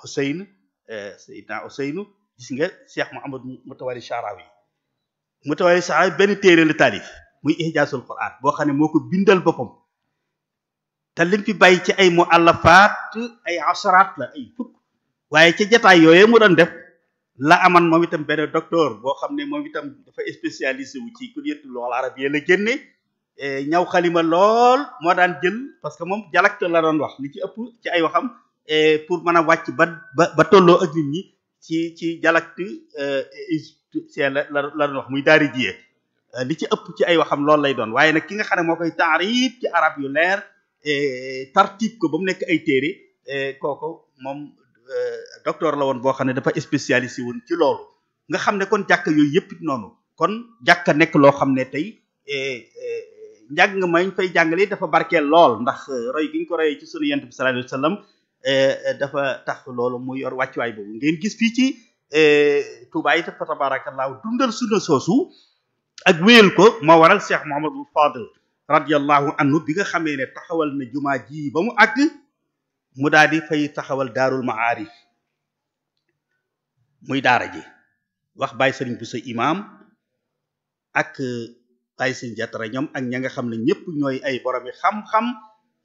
Xuseyn euh, euh, Seydina Xuseynu gis nga Cheikh Mouhamad Mutawalli Sharawi Mutawalli Sharawi benn téere la taalif muy Ijazul Quran boo xam ne moo ko bindal boppam te fi bàyyi ci ay muallafaat ay asaraat la ay fukk waaye ca jataay yooyu mu doon def la aman moom itam benn docteur boo xam ne moom itam dafa spécialisé wu ci kulliyatul lugha arabiyya la génne e, ñaw xalima lool moo daan jël parce que moom dialecte la doon wax li ci ëpp ci ay waxam e, pour mën a wàcc ba ba ba tolloo ak nit ñi ci ci dialecte e, égyptien la la wax muy daari jiyee li ci ëpp ci ay waxam loolu lay doon waaye nag ki nga xam ne moo koy taarib ci arab yu leer tartib ko ba mu nekk ay téere kooku moom Euh, docteur la woon boo xam ne dafa spécialisé woon ci loolu nga xam ne kon jàkka yooyu yëpp noonu kon jàkk nekk loo xam ne tey eh, eh, njàng mañ fay jàngale dafa barkeel lool ndax euh, roy gi ñu ko royee ci sunu yent bi sallallahu alayhi wasallam eh, dafa tax loolu mu yor wàccuwaay boobu ngeen gis fii ci Touba it fa tabaarakallaahu dundal sunna soosu ak wéyal ko moo waral Cheikh Mouhamadul Fadil radiyallahu anhu bi nga xamee ne taxawal na jumaa ji ba mu àgg mu daal di fay taxawal daarul maarif muy daara ji wax baay sëriñ bu sa imaam ak euh, baay sëriñ jatara ñoom ak ña nga xam ne ñëpp ñooy ay boromi xam-xam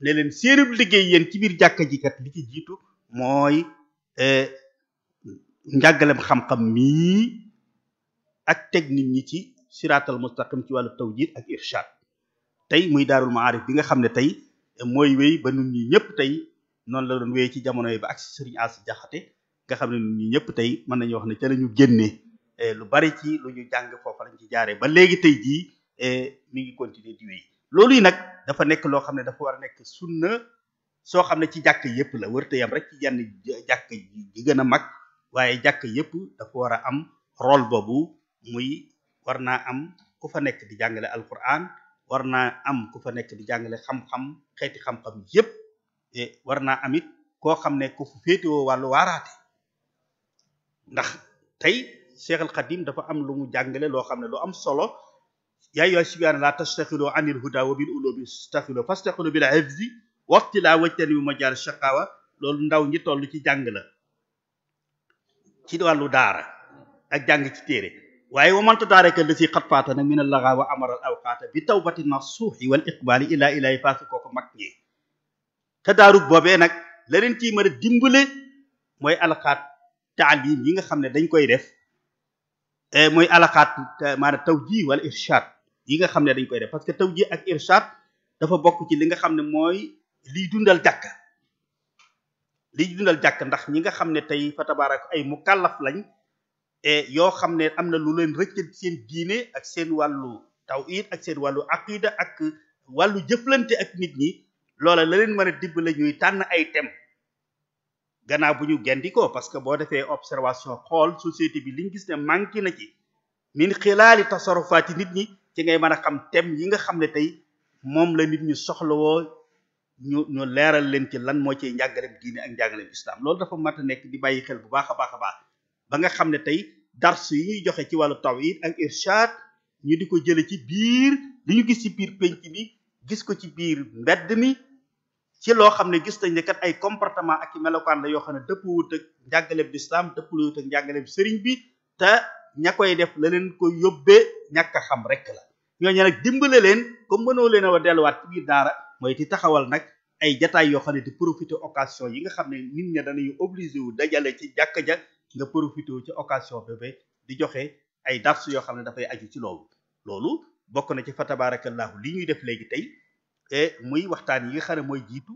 ne leen séerub liggéey yéen ci biir jàkka ji kat li ci jiitu mooy euh, njàggalem xam-xam mii ak teg nit ñi ci siraatal mustaqim ci wàllu tawjiid ak irshad tey muy daarul maarif bi nga xam ne tey mooy wéy ba nun ñi ñëpp tey noonu la doon wee ci jamono yi ba ak sëriñ Asi Jaxate nga xam ne ñun ñëpp tey mën nañu wax ne ca la ñu génnee lu bari ci lu ñu jàng foofa lañ ci jaaree ba léegi tey jii e, mi ngi continuer di wéy loolu yi nag dafa nekk loo xam ne dafa war a nekk sunna soo xam ne ci jàkk yëpp la war te yam rek ci jenn jàkk ji gën a mag waaye jàkk yëpp dafa war a am rôle boobu muy war naa am ku fa nekk di jàngale alquran war naa am ku fa nekk di jàngale xam-xam xeeti xam-xam yëpp war naa amit koo xam ne ku féetewoo wàllu waaraate ndax tey Seexal Xadim dafa am lu mu jàngale loo xam ne lu am solo yaay yooy sibiaana la tastaxilu anil huda wa bil ulubi staxilu fastaxilu bil hifzi waxtilaa wajtani bi ma a shaqawa loolu ndaw ñi toll ci jàng la ci wàllu daara ak jàng ci téere waaye wamanta daareka la si xat faata nag min al laxa wa amaral awqaata bi tawbati nasuuxi wal iqbaali ilaa ilaahi faasu kooku mag ñi tadaarug boobee nag la leen ciy mën a dimbale mooy alaqaat taalim yi nga xam ne dañ koy def eh, mooy alaqaat maanaam tawjih wala irshad yi nga xam ne dañ koy def parce que tawjih ak irshad dafa bokk ci li nga xam ne mooy liy dundal jàkka liy dundal jàkka ndax ñi nga xam ne tey fa tabaaraka ay mukallaf lañ eh, yoo xam ne am na lu leen rek seen diine ak seen wàllu tawhid ak seen wàllu aqida ak wàllu jëflante ak nit ñi loola la leen mën a dimbale ñuy tànn ay thèmes gannaaw bu ñu gendikoo parce que boo defee observation xool société bi liñ gis ne manqué na ci min xilaali tasarufaati nit ñi ci ngay man a xam thème yi nga xam ne tey moom la nit ñu soxlawoo ñu ñu leeral leen ci lan moo ciy njàngaleem diine ak njàngaleem islam loolu dafa mat a nekk di bàyyi xel bu baax a baax a baax ba nga xam ne tey dars yi ñuy joxe ci wàllu taw tawhid ak irshad ñu di ko jële ci biir li gis ci biir penc gis ko ci biir mbedd mi ci loo xam ne gis nañ ne kat ay comportement ak melokaan la yoo xam ne dëppuwut ak njàngaleb lislaam dëppuwut ak njàngaleb sëriñ bi te ña koy def la leen ko yóbbee ñàkk a xam rek la ñooñu nag dimbale leen comme mënoo leen a delluwaat ci biir daara mooy di taxawal nag ay jataay yoo xam ne di profité occasion yi nga xam ne nit ña danañu obligé wu dajale ci jàkka ja nga profité wu ci occasion bébé di joxe ay dars yoo xam ne dafay aju ci loolu loolu bokk na ci fa tabarakallahu li ñuy def léegi tey muy waxtaan yi nga mooy jiitu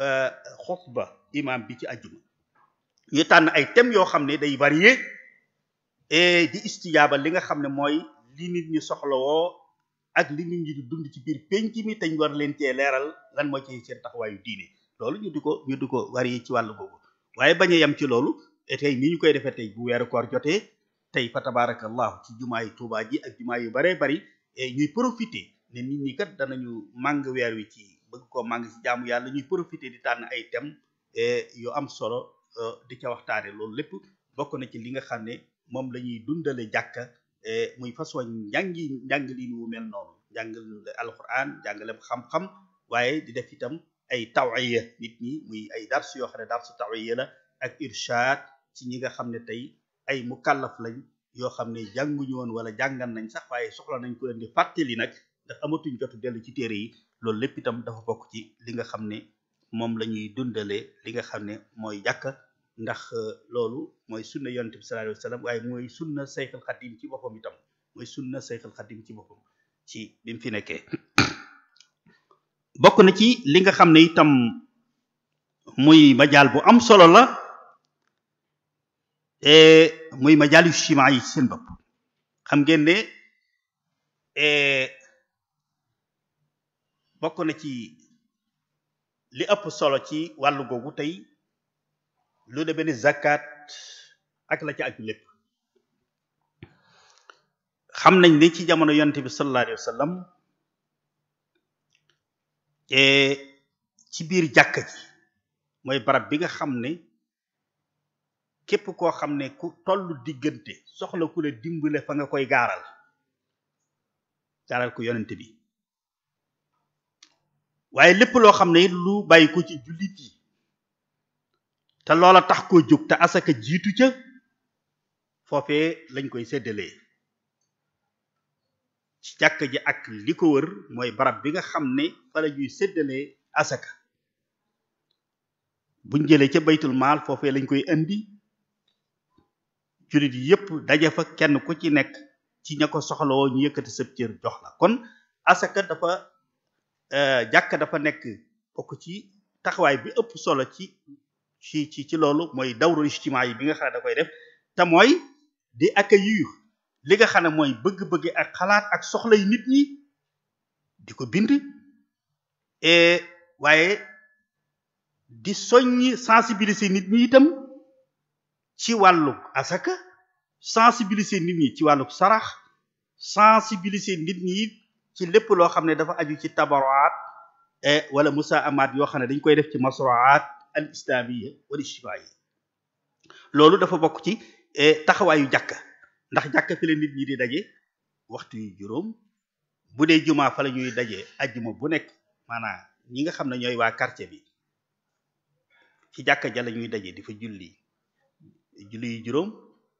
euh, xutba imam bi ci àjjuma ñu tànn ay thèmes yoo xam ne day varié et di istijaabal li nga xam ne mooy li nit ñu soxlawoo ak li nit ñi di dund ci biir penc mi tañ ñu war leen cee leeral lan mooy ci seen taxawaayu diine loolu ñu di ko ñu di ko varié ci wàllu boobu waaye bañ a yem ci loolu tey ni ñu koy defee tey bu weeru koor jotee tey fa tabaarakallahu ci jumaa yi Tuubaa ji ak jumaa yu baree bari ñuy profité ne nit ñi kat danañu màng weer wi ci bëgg koo màng ci jaamu yàlla ñuy profiter di tànn ay thèmes eh, yu am solo eh, di ca waxtaane loolu lépp bokk na ci li nga xam ne moom la ñuy dundale jàkka eh, muy façon njàngi njàngalin wu mel noonu njàngal alquran njàngalem xam-xam waaye di def itam ay tawiya nit ñi muy ay dars yoo xam ne darsu tawiya la ak irshad ci ñi nga xam ne tey ay mukallaf lañ yoo xam ne jànguñu woon wala jàngal nañ sax waaye soxla nañ ko leen di fàttali nag ndax amatuñ jotu dellu ci téere yi loolu lépp itam dafa bokk ci li nga xam ne moom la ñuy dundalee li nga xam ne mooy jàkka ndax euh, loolu mooy sunna yonent bi sallallahu alayhi wasallam waaye mooy sunna Seexul Xadim ci boppam itam mooy sunna Seexul Xadim ci boppam ci bi fi nekkee bokk na ci li nga xam ne itam muy majaal bu am solo la e, muy majaal yu chima yi seen bopp xam ngeen ne e, bokk na ci li ëpp solo ci wàllu googu tey lu de benn zakat ak la ci aju lépp xam nañ ni ci jamono yonte bi sallallahu alayhi wa ci biir jàkka ji mooy barab bi nga xam ne képp koo xam ne ku tollu diggante soxla ku la dimbale fa nga koy gaaral gaaral ko yonente bi waaye lépp loo xam ne lu bàyyi ko ci jullit yi te loola tax koo jóg te asaka jiitu ca foofee lañ koy seddalee ci jàkk ji ak li ko wër mooy barab bi nga xam ne fa la ñuy séddalee buñ jëlee ca baytul maal lañ koy indi jullit yépp daje fa kenn ku ci nekk ci ña ko soxlawoo ñu yëkkati sëb cër jox la kon asaka dafa Eh, jàkka dafa nekk bokk ci taxawaay bi ëpp solo ci ci ci ci loolu mooy dawrul ijtimaa yi bi nga xam ne da koy def te mooy di accueillir li nga xam ne mooy bëgg-bëgg ak xalaat ak soxla nit ñi di ko bind et eh, waaye di soññi sensibiliser nit ñi itam ci wàlluk asaka sensibiliser nit ñi ci wàlluk sarax sensibiliser nit ñi ci lépp loo xam ne dafa aju ci tabaruat e, wala musaamaat yoo xam ne dañ koy def ci masroat al islamiya wal ijtimaaiya loolu dafa bokk ci e, taxawaayu jàkka ndax jàkka fi la nit ñi di daje waxtu yu juróom bu dee jumaa fa la ñuy daje ajjuma bu nekk maanaa ñi nga xam ne ñooy waa quartier bi ci jàkka ja ñuy daje di fa julli julli yu juróom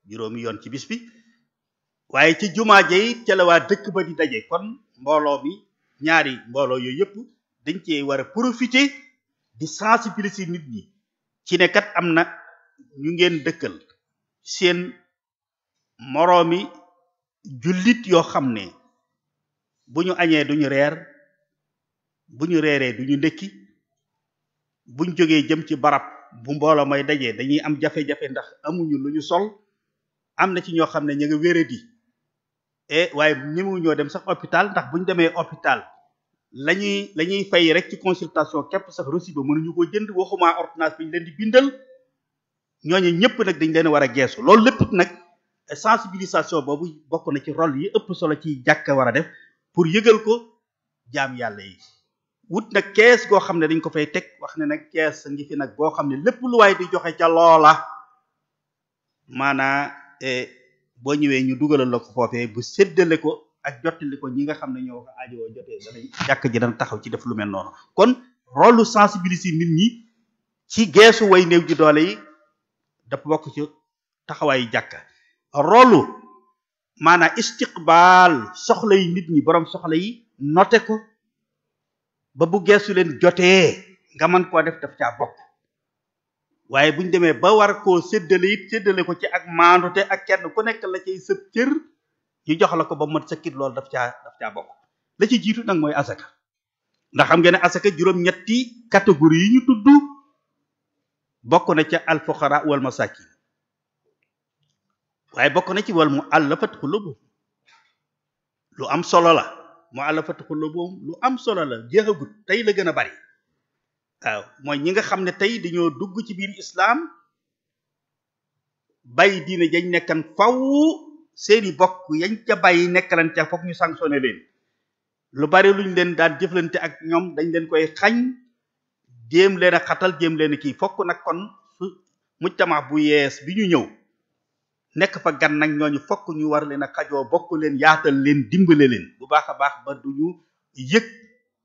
juróomi yoon ci bis bi waaye ci jumaa ja it dëkk ba di daje kon mbooloo mi ñaari mbooloo yooyu yëpp dañ cee war a profiter di sensibiliser nit ñi ci ne kat am na ñu ngeen dëkkal seen moroomi jullit yoo xam ne bu ñu añee duñu reer bu ñu reeree duñu ndekki buñ jógee jëm ci barab bu mbooloo may dajee dañuy am jafe-jafe ndax amuñu lu ñu sol am na ci ñoo xam ne ñu nga wéradi e waaye ñemewu ñoo dem sax hôpital ndax bu ñu demee hôpital lañuy la ñuy fay rek ci consultation képp sax reçu ba mënuñu ko jënd waxuma ordonnance bi ñu leen di bindal ñooñu ñëpp nag dañ leen war a geesu loolu lépp nag sensibilisation boobu bokk na ci rôle yi ëpp solo ci jàkk war a def pour yëgal ko jaam yàlla yi wut nag kees goo xam ne dañ ko fay teg wax ne nag kees ngi fi nag goo xam ne lépp lu waaye di joxe ca loola maanaa e, boo ñëwee ñu dugalal la ko foofee bu séddale ko ak jottali ko ñi nga xam ne ñoo ko aajowoo jotee danañ jàkk ji dana taxaw ci def lu mel noonu kon rôle lu sensibiliser nit ñi ci geesu way néew ji doole yi dafa bokk ci taxawaayu jàkka rolu maanaam istiqbaal soxla yi nit ñi borom soxla yi note ko ba bu geesu leen jotee nga mën koo def daf caa bokk waaye bu ñu demee ba war koo séddale it séddale ko ci ak maandute ak kenn ku nekk la cay sëb cër ñu jox la ko ba mat sëkkit loolu daf ca daf caa bokk la ci jiitu nag mooy asaka ndax xam ngeen ne asaka juróom-ñetti catégorie yi ñu tudd bokk na ca alfoqara wal masakin waaye bokk na ci wal mu àllafat xulubu lu am solo la mu àllafat xulubu lu am solo la jeexagut tey la gën a bari waaw mooy ñi nga xam ne tey dañoo dugg ci biir islaam bàyyi diine jañ nekkan faw seeni bokk yañ ca bàyyi nekkalan ca foog ñu sanctionné leen lu bari luñ leen daan jëflante ak ñoom dañ leen koy xañ gém leen a xatal jéem leen kii fokk nag kon su mujtama bu yees bi ñu ñëw nekk fa gan nag ñooñu fokk ñu war leen a xajoo bokk leen yaatal leen dimbale leen bu baax a baax ba duñu yëg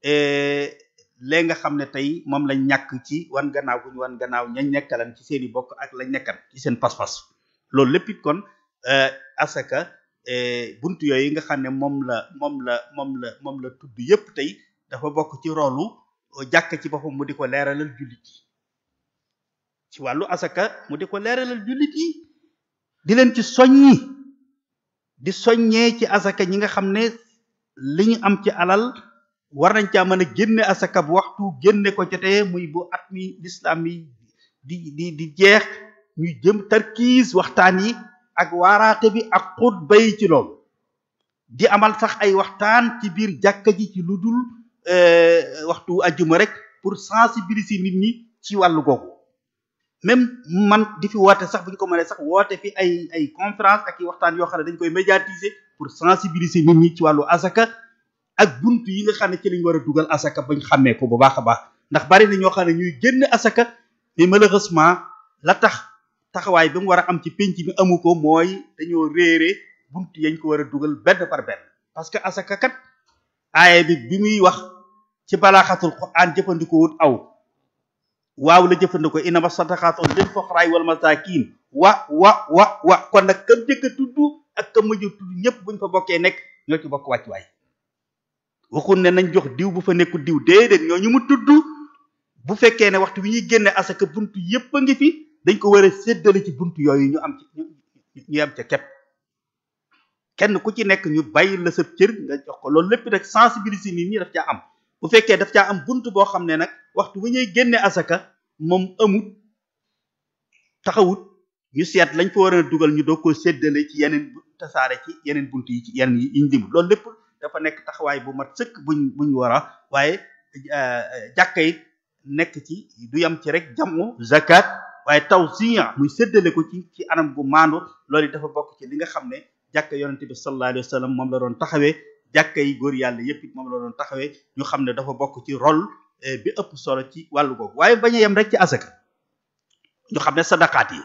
eh, léegi nga xam ne tey moom lañ ñàkk ci wan gannaaw bu ñu wan gannaaw ñañ nekkalan ci seeni bokk ak lañ nekkat ci seen pas-pas loolu lépp it kon eh, asaka eh, bunt yooyu nga xam ne moom la moom la moom la moom la tudd yépp tey dafa bokk ci roolu jàkk ci boppam mu di ko leeralal jullit yi ci wàllu asaka mu di ko leeralal jullit yi di leen ci soññi di soññee ci asaka ñi nga xam ne li ñu am ci alal war nañ caa mën a génne asaka bu waxtu génne ko jotee muy boo at mi lislaam yi di di di jeex ñu jëm tarkiis waxtaan yi ak waaraate bi ak xut bay ci loolu di amal sax ay waxtaan ci biir jàkka ji ci lu dul eh, waxtu ajjuma rek pour sensibiliser nit ñi ci wàllu googu même man di fi woote sax bu ñu ko mënee sax woote fi ay ay conférence ak i waxtaan yoo xam ne dañ koy médiatiser pour sensibiliser nit ñi ci wàllu asaka ak bunt yi nga xam ne ci lañ war a dugal asaka bañ xàmmee ko bu baax a baax ndax bari na ñoo xam ne ñuy génn asaka mais malheureusement la tax taxawaay bi mu war a am ci penc bi amu ko mooy dañoo réere bunt yañ ko war a dugal benn par benn parce que asaka kat aaya bi bi muy wax ci balaaxatul quraan jëfandikoo wut aw waaw la jëfandikoo inama sadaqaatu lil fuqaraay wal masaakiin wa wa wa wa kon nag kam jëkk a tudd ak kam mujj tudd ñëpp bañ fa bokkee nekk ñoo ci bokk wàcc waay waxul ne nañ jox diw bu fa nekkul diw déedéet ñoo ñu mu tudd bu fekkee ne waxtu wi ñuy génne asaka bunt yépp a ngi fi dañ ko war a ci bunt yooyu ñu am ci ñu am ca kepp kenn ku ci nekk ñu bàyyil la sa cër nga jox ko loolu lépp rek sensibiliser nit nii daf caa am bu fekkee daf caa am bunt boo xam ne nag waxtu wi ñuy génne asaka moom amut taxawut ñu seet lañ fa war a dugal ñu doog koo séddale ci yeneen tasaare ci yeneen bunt yi ci yeneen yi ñu dafa nekk taxawaay bu mat sëkk buñ buñ war a waaye euh, jàkka yit nekk ci du yam ci rek jamu zakat waaye taw siya muy séddale ko ci ci anam bu maandu loolu dafa bokk ci li nga xam ne jàkka yonente bi sallallahu alayhi wa moom la doon taxawee jàkka yi góor yàlla yépp moom la doon taxawee ñu xam ne dafa bokk ci rôle euh, bi ëpp solo ci wàllu googu waaye bañ a yem rek ci asaka ñu xam ne sadaqaat yi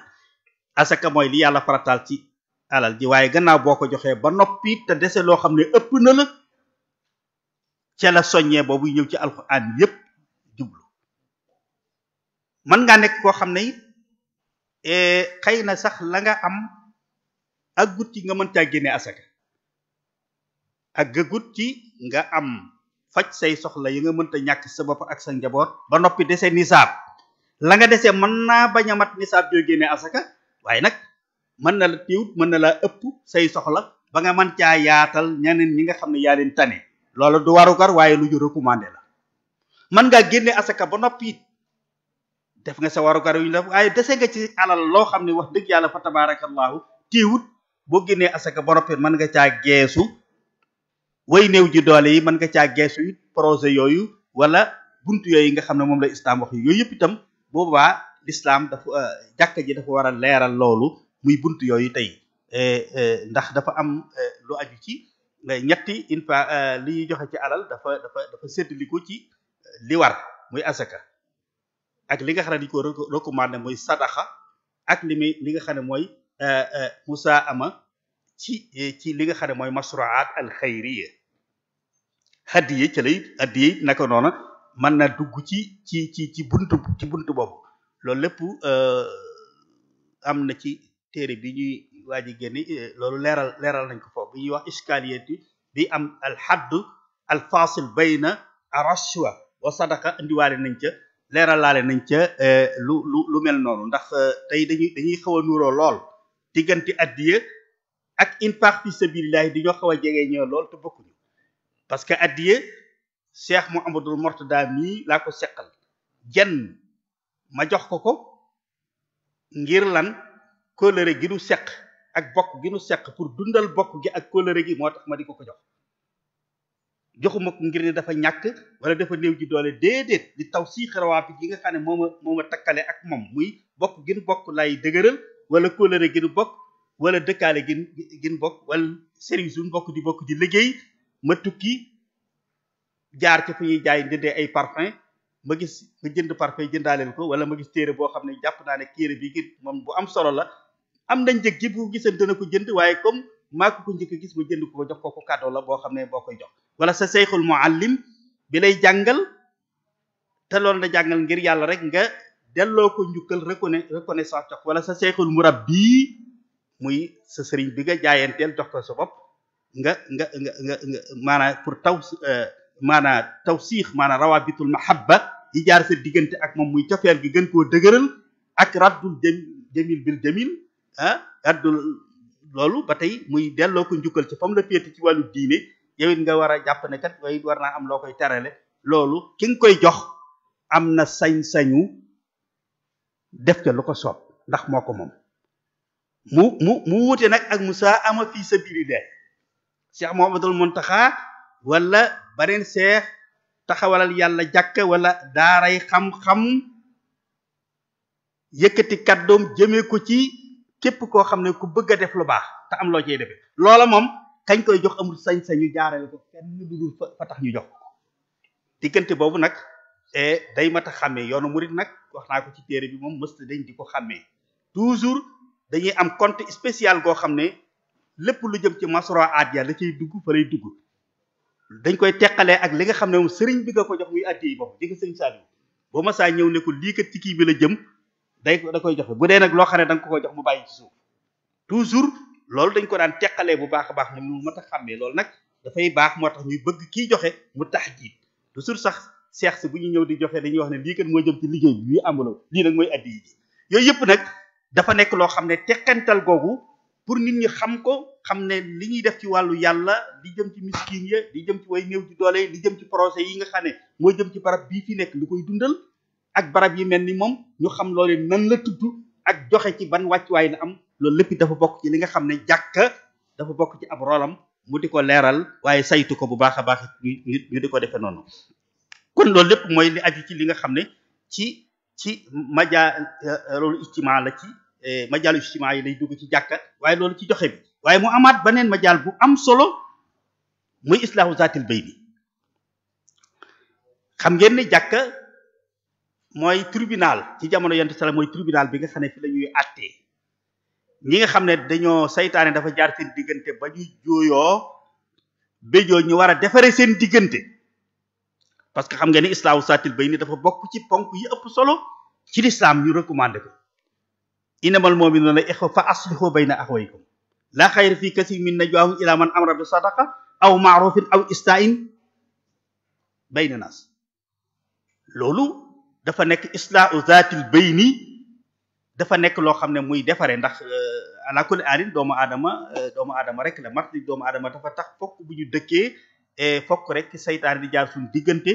asaka mooy li yàlla farataal ci alal ji waaye gannaaw boo ko joxee ba noppi te dese loo xam ne ëpp na la ca la soññee boobu ñëw ci alxuraan yépp jublu mën ngaa nekk koo xam ne it eh, xëy na sax la nga am ak gut ci nga mën caa génne asaka ak gagut ci nga am faj say soxla yi nga mënta ñàkk sa bopp ak sa njaboot ba noppi dese nisaab la nga dese mën naa bañ a mat nisaab joo génne asaka waaye nag mën na la tiwut mën na laa ëpp say soxla ba nga man caa yaatal ñeneen ñi nga xam ne yaa leen tane loolu du warugar waaye lu ñu recommandé la mën ngaa génne asaka ba noppi it def nga sa warugar yu ñu def waaye dese nga ci alal loo xam ne wax dëgg yàlla fa tabaarakallaahu tiwut boo génnee asaka ba noppi mën nga caa geesu way néew ji doole yi mën nga caa geesu it projet yooyu wala buntu yooyu nga xam ne moom la islaam wax yooyu yëpp itam boobaa lislaam dafa jàkka ji dafa war a leeral loolu muy bunt yooyu tey eh, eh, ndax dafa am eh, lu aju ci ñetti infa li ñuy joxe ci alal dafa dafa dafa ci li muy asaka ak li nga xam ne dañu ko recommandé ak li muy li nga xam ne mooy musaama ama ci li nga xam ne mooy masruaat al xayriya hadiye ci lay naka noona mën na dugg ci ci ci ci buntu ci buntu boobu am na ci téere bi ñuy waaji génn euh, loolu leeral leeral nañ ko foofu bi ñuy wax iskaliyati bi am alxadd alfasil bayna arashwa wa sadaka indiwaale nañ ca leeral nañ ca euh, lu lu lu mel noonu ndax euh, tey dañuy dañuy xaw a nuuroo lool diggante addiya ak infaq fi sabilillahi di ñoo xaw a jege ñoo lool te bokkuñu parce que addiya cheikh Mouhamadul Mortada mii laa ko seqal jenn ma jox ko ko ngir lan kóllëre gi nu seq ak bokk gi nu seq pour dundal bokk gi ak kóllëre gi moo tax ma di ko ko jox joxuma ko ngir ne dafa ñàkk wala dafa néew ji doole déedéet di taw sii xarawaat gi nga xam ne moom ma moo ma takkale ak moom muy bokk gi nu bokk lay dëgëral wala kóllëre gi nu bokk wala dëkkaale gi gi nu bokk wala service bu bokk di bokk di liggéey ma tukki jaar ci fu ñuy jaay ndëndee ay parfum ma gis ma jënd parfum jëndaaleel ko wala ma gis téere boo xam ne jàpp naa ne téere bi ngir moom bu am solo la am na njëg gi bu ko giseen dana ko jënd waaye comme maa ko ko njëkk gis mu jënd ko jox ko ko cadeau la boo xam ne boo koy jox wala sa seyxul muallim bi lay jàngal te loolu na jàngal ngir yàlla rek nga delloo ko njukkal reconnaît reconnaissance jox wala sa seyxul murabbi muy sa sëriñ bi nga jaayanteel jox ko sa bopp nga nga nga nga nga maanaam pour taw euh, maanaam tawsiix maanaam rawabitul mahabba yi jaar sa diggante ak moom muy cofeel gi gën koo dëgëral ak raddul jamil bil jamil ah loolu ba tey muy delloo ko njukkal ci fam la féete ci wàllu diine yow nga war a jàpp ne kat yooyu war naa am loo koy terale loolu ki nga koy jox am na sañ-sañu def ca lu ko soob ndax moo ko moom mu mu mu wuute nag ak Musaa ama fii sabilillah Cheikh Mouhamadoul Mountakha wala beneen seex taxawalal yàlla jàkka wala daaray xam-xam yëkkati kàddoom jëmee ko ci cépp koo xam ne ku bëgg a def lu baax te am loo cey defe loola moom kañ koy jox amul sañ-sañu jaarale ko kenn du dul fa tax ñu jox diggante boobu nag eh, day mat a xàmmee yoonu murit nag wax naa ko ci téere bi moom mësta dañ di ko xàmmee toujours dañuy am compte spéciale goo xam ne lépp lu jëm ci masora aat ya la cay dugg fa lay dugg dañ koy teqalee ak li nga xam ne moom sëriñ bi nga ko jox muy addi yi bopp di nga sëriñ Saliou boo masaa ñëw ne ko ci kii bi la jëm day da koy joxe bu dee nag loo xam ne da nga ko koy jox mu bàyyi ci suuf toujours loolu dañ ko daan teqalee bu baax a baax mu mat a xàmmee loolu nag dafay baax moo tax ñuy bëgg kiy joxe mu tax jiit toujours sax seex si bu ñu ñëw di joxe dañuy wax ne lii kat moo jëm ci liggéey bi lii amuloo lii nag mooy addi yi yooyu yëpp nag dafa nekk loo xam ne teqental googu pour nit ñi xam ko xam ne li ñuy def ci wàllu yàlla di jëm ci miskin ya li jëm ci way néew ji doole di jëm ci projet yi nga xam ne moo jëm ci barab bii fi nekk lu koy dundal ak barab yi mel ni moom ñu xam loolu nan la tudd ak joxe ci ban waay na am loolu lépp dafa bokk ci li nga xam ne jàkka dafa bokk ci ab rolam mu di ko leeral waaye saytu ko bu baax a baax di ko defee noonu kon loolu lépp mooy li aju ci li nga xam ne ci ci maja euh, loolu ijtimaa la ci euh, majaalu ijtimaa yi lay dugg ci jàkka waaye loolu ci joxe bi waaye mu amaat beneen majaal bu am solo muy islaahu zaatil bay xam ngeen ne jàkka mooy tribunal ci jamono yonent sala mooy tribunal bi nga xam ne fi la ñuy àttee ñi nga xam ne dañoo seytaane dafa jaar seen diggante ba ñu jooyoo béjoo ñu war a defaree seen diggante parce que xam nga ni islaamu saatil bay ni dafa bokk ci ponk yi ëpp solo ci lislaam ñu recommandé ko innamal mu'minuuna ixwa fa aslihu bayna na laa xayra fii kasir min najwaahum ilaa man am bi sadaqa aw maarufin aw istain bayna nas loolu dafa nekk islaahu zaatil nii dafa nekk loo xam ne muy defare ndax euh, ala kulli alin doomu aadama euh, doomu aadama rek la marti doomu aadama dafa tax fokk bu ñu dëkkee fokk rek saytaan di jaar suñ diggante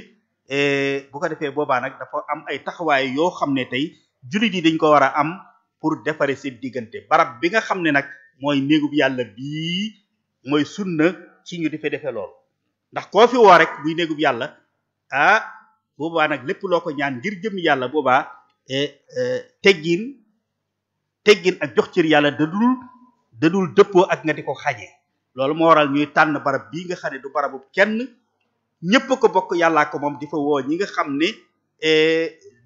bu ko defee boobaa nag dafa am ay taxawaay yoo xam ne tey jullit yi dañ ko war a am pour defare seen diggante barab bi nga xam ne nag mooy néegub yàlla bii mooy sunna ci ñu defee defee loolu ndax koo fi woo rek muy néegub yàlla ah boobaa nag lépp loo ko ñaan ngir jëm yàlla boobaa e, e, teggin teggin ak jox cër yàlla dadul dadul dëppoo ak nga di ko xañee loolu moo waral ñuy tànn barab bii nga xam ne du barabu kenn ñëpp ko bokk yàllaa ko moom di fa woo ñi nga xam ne e,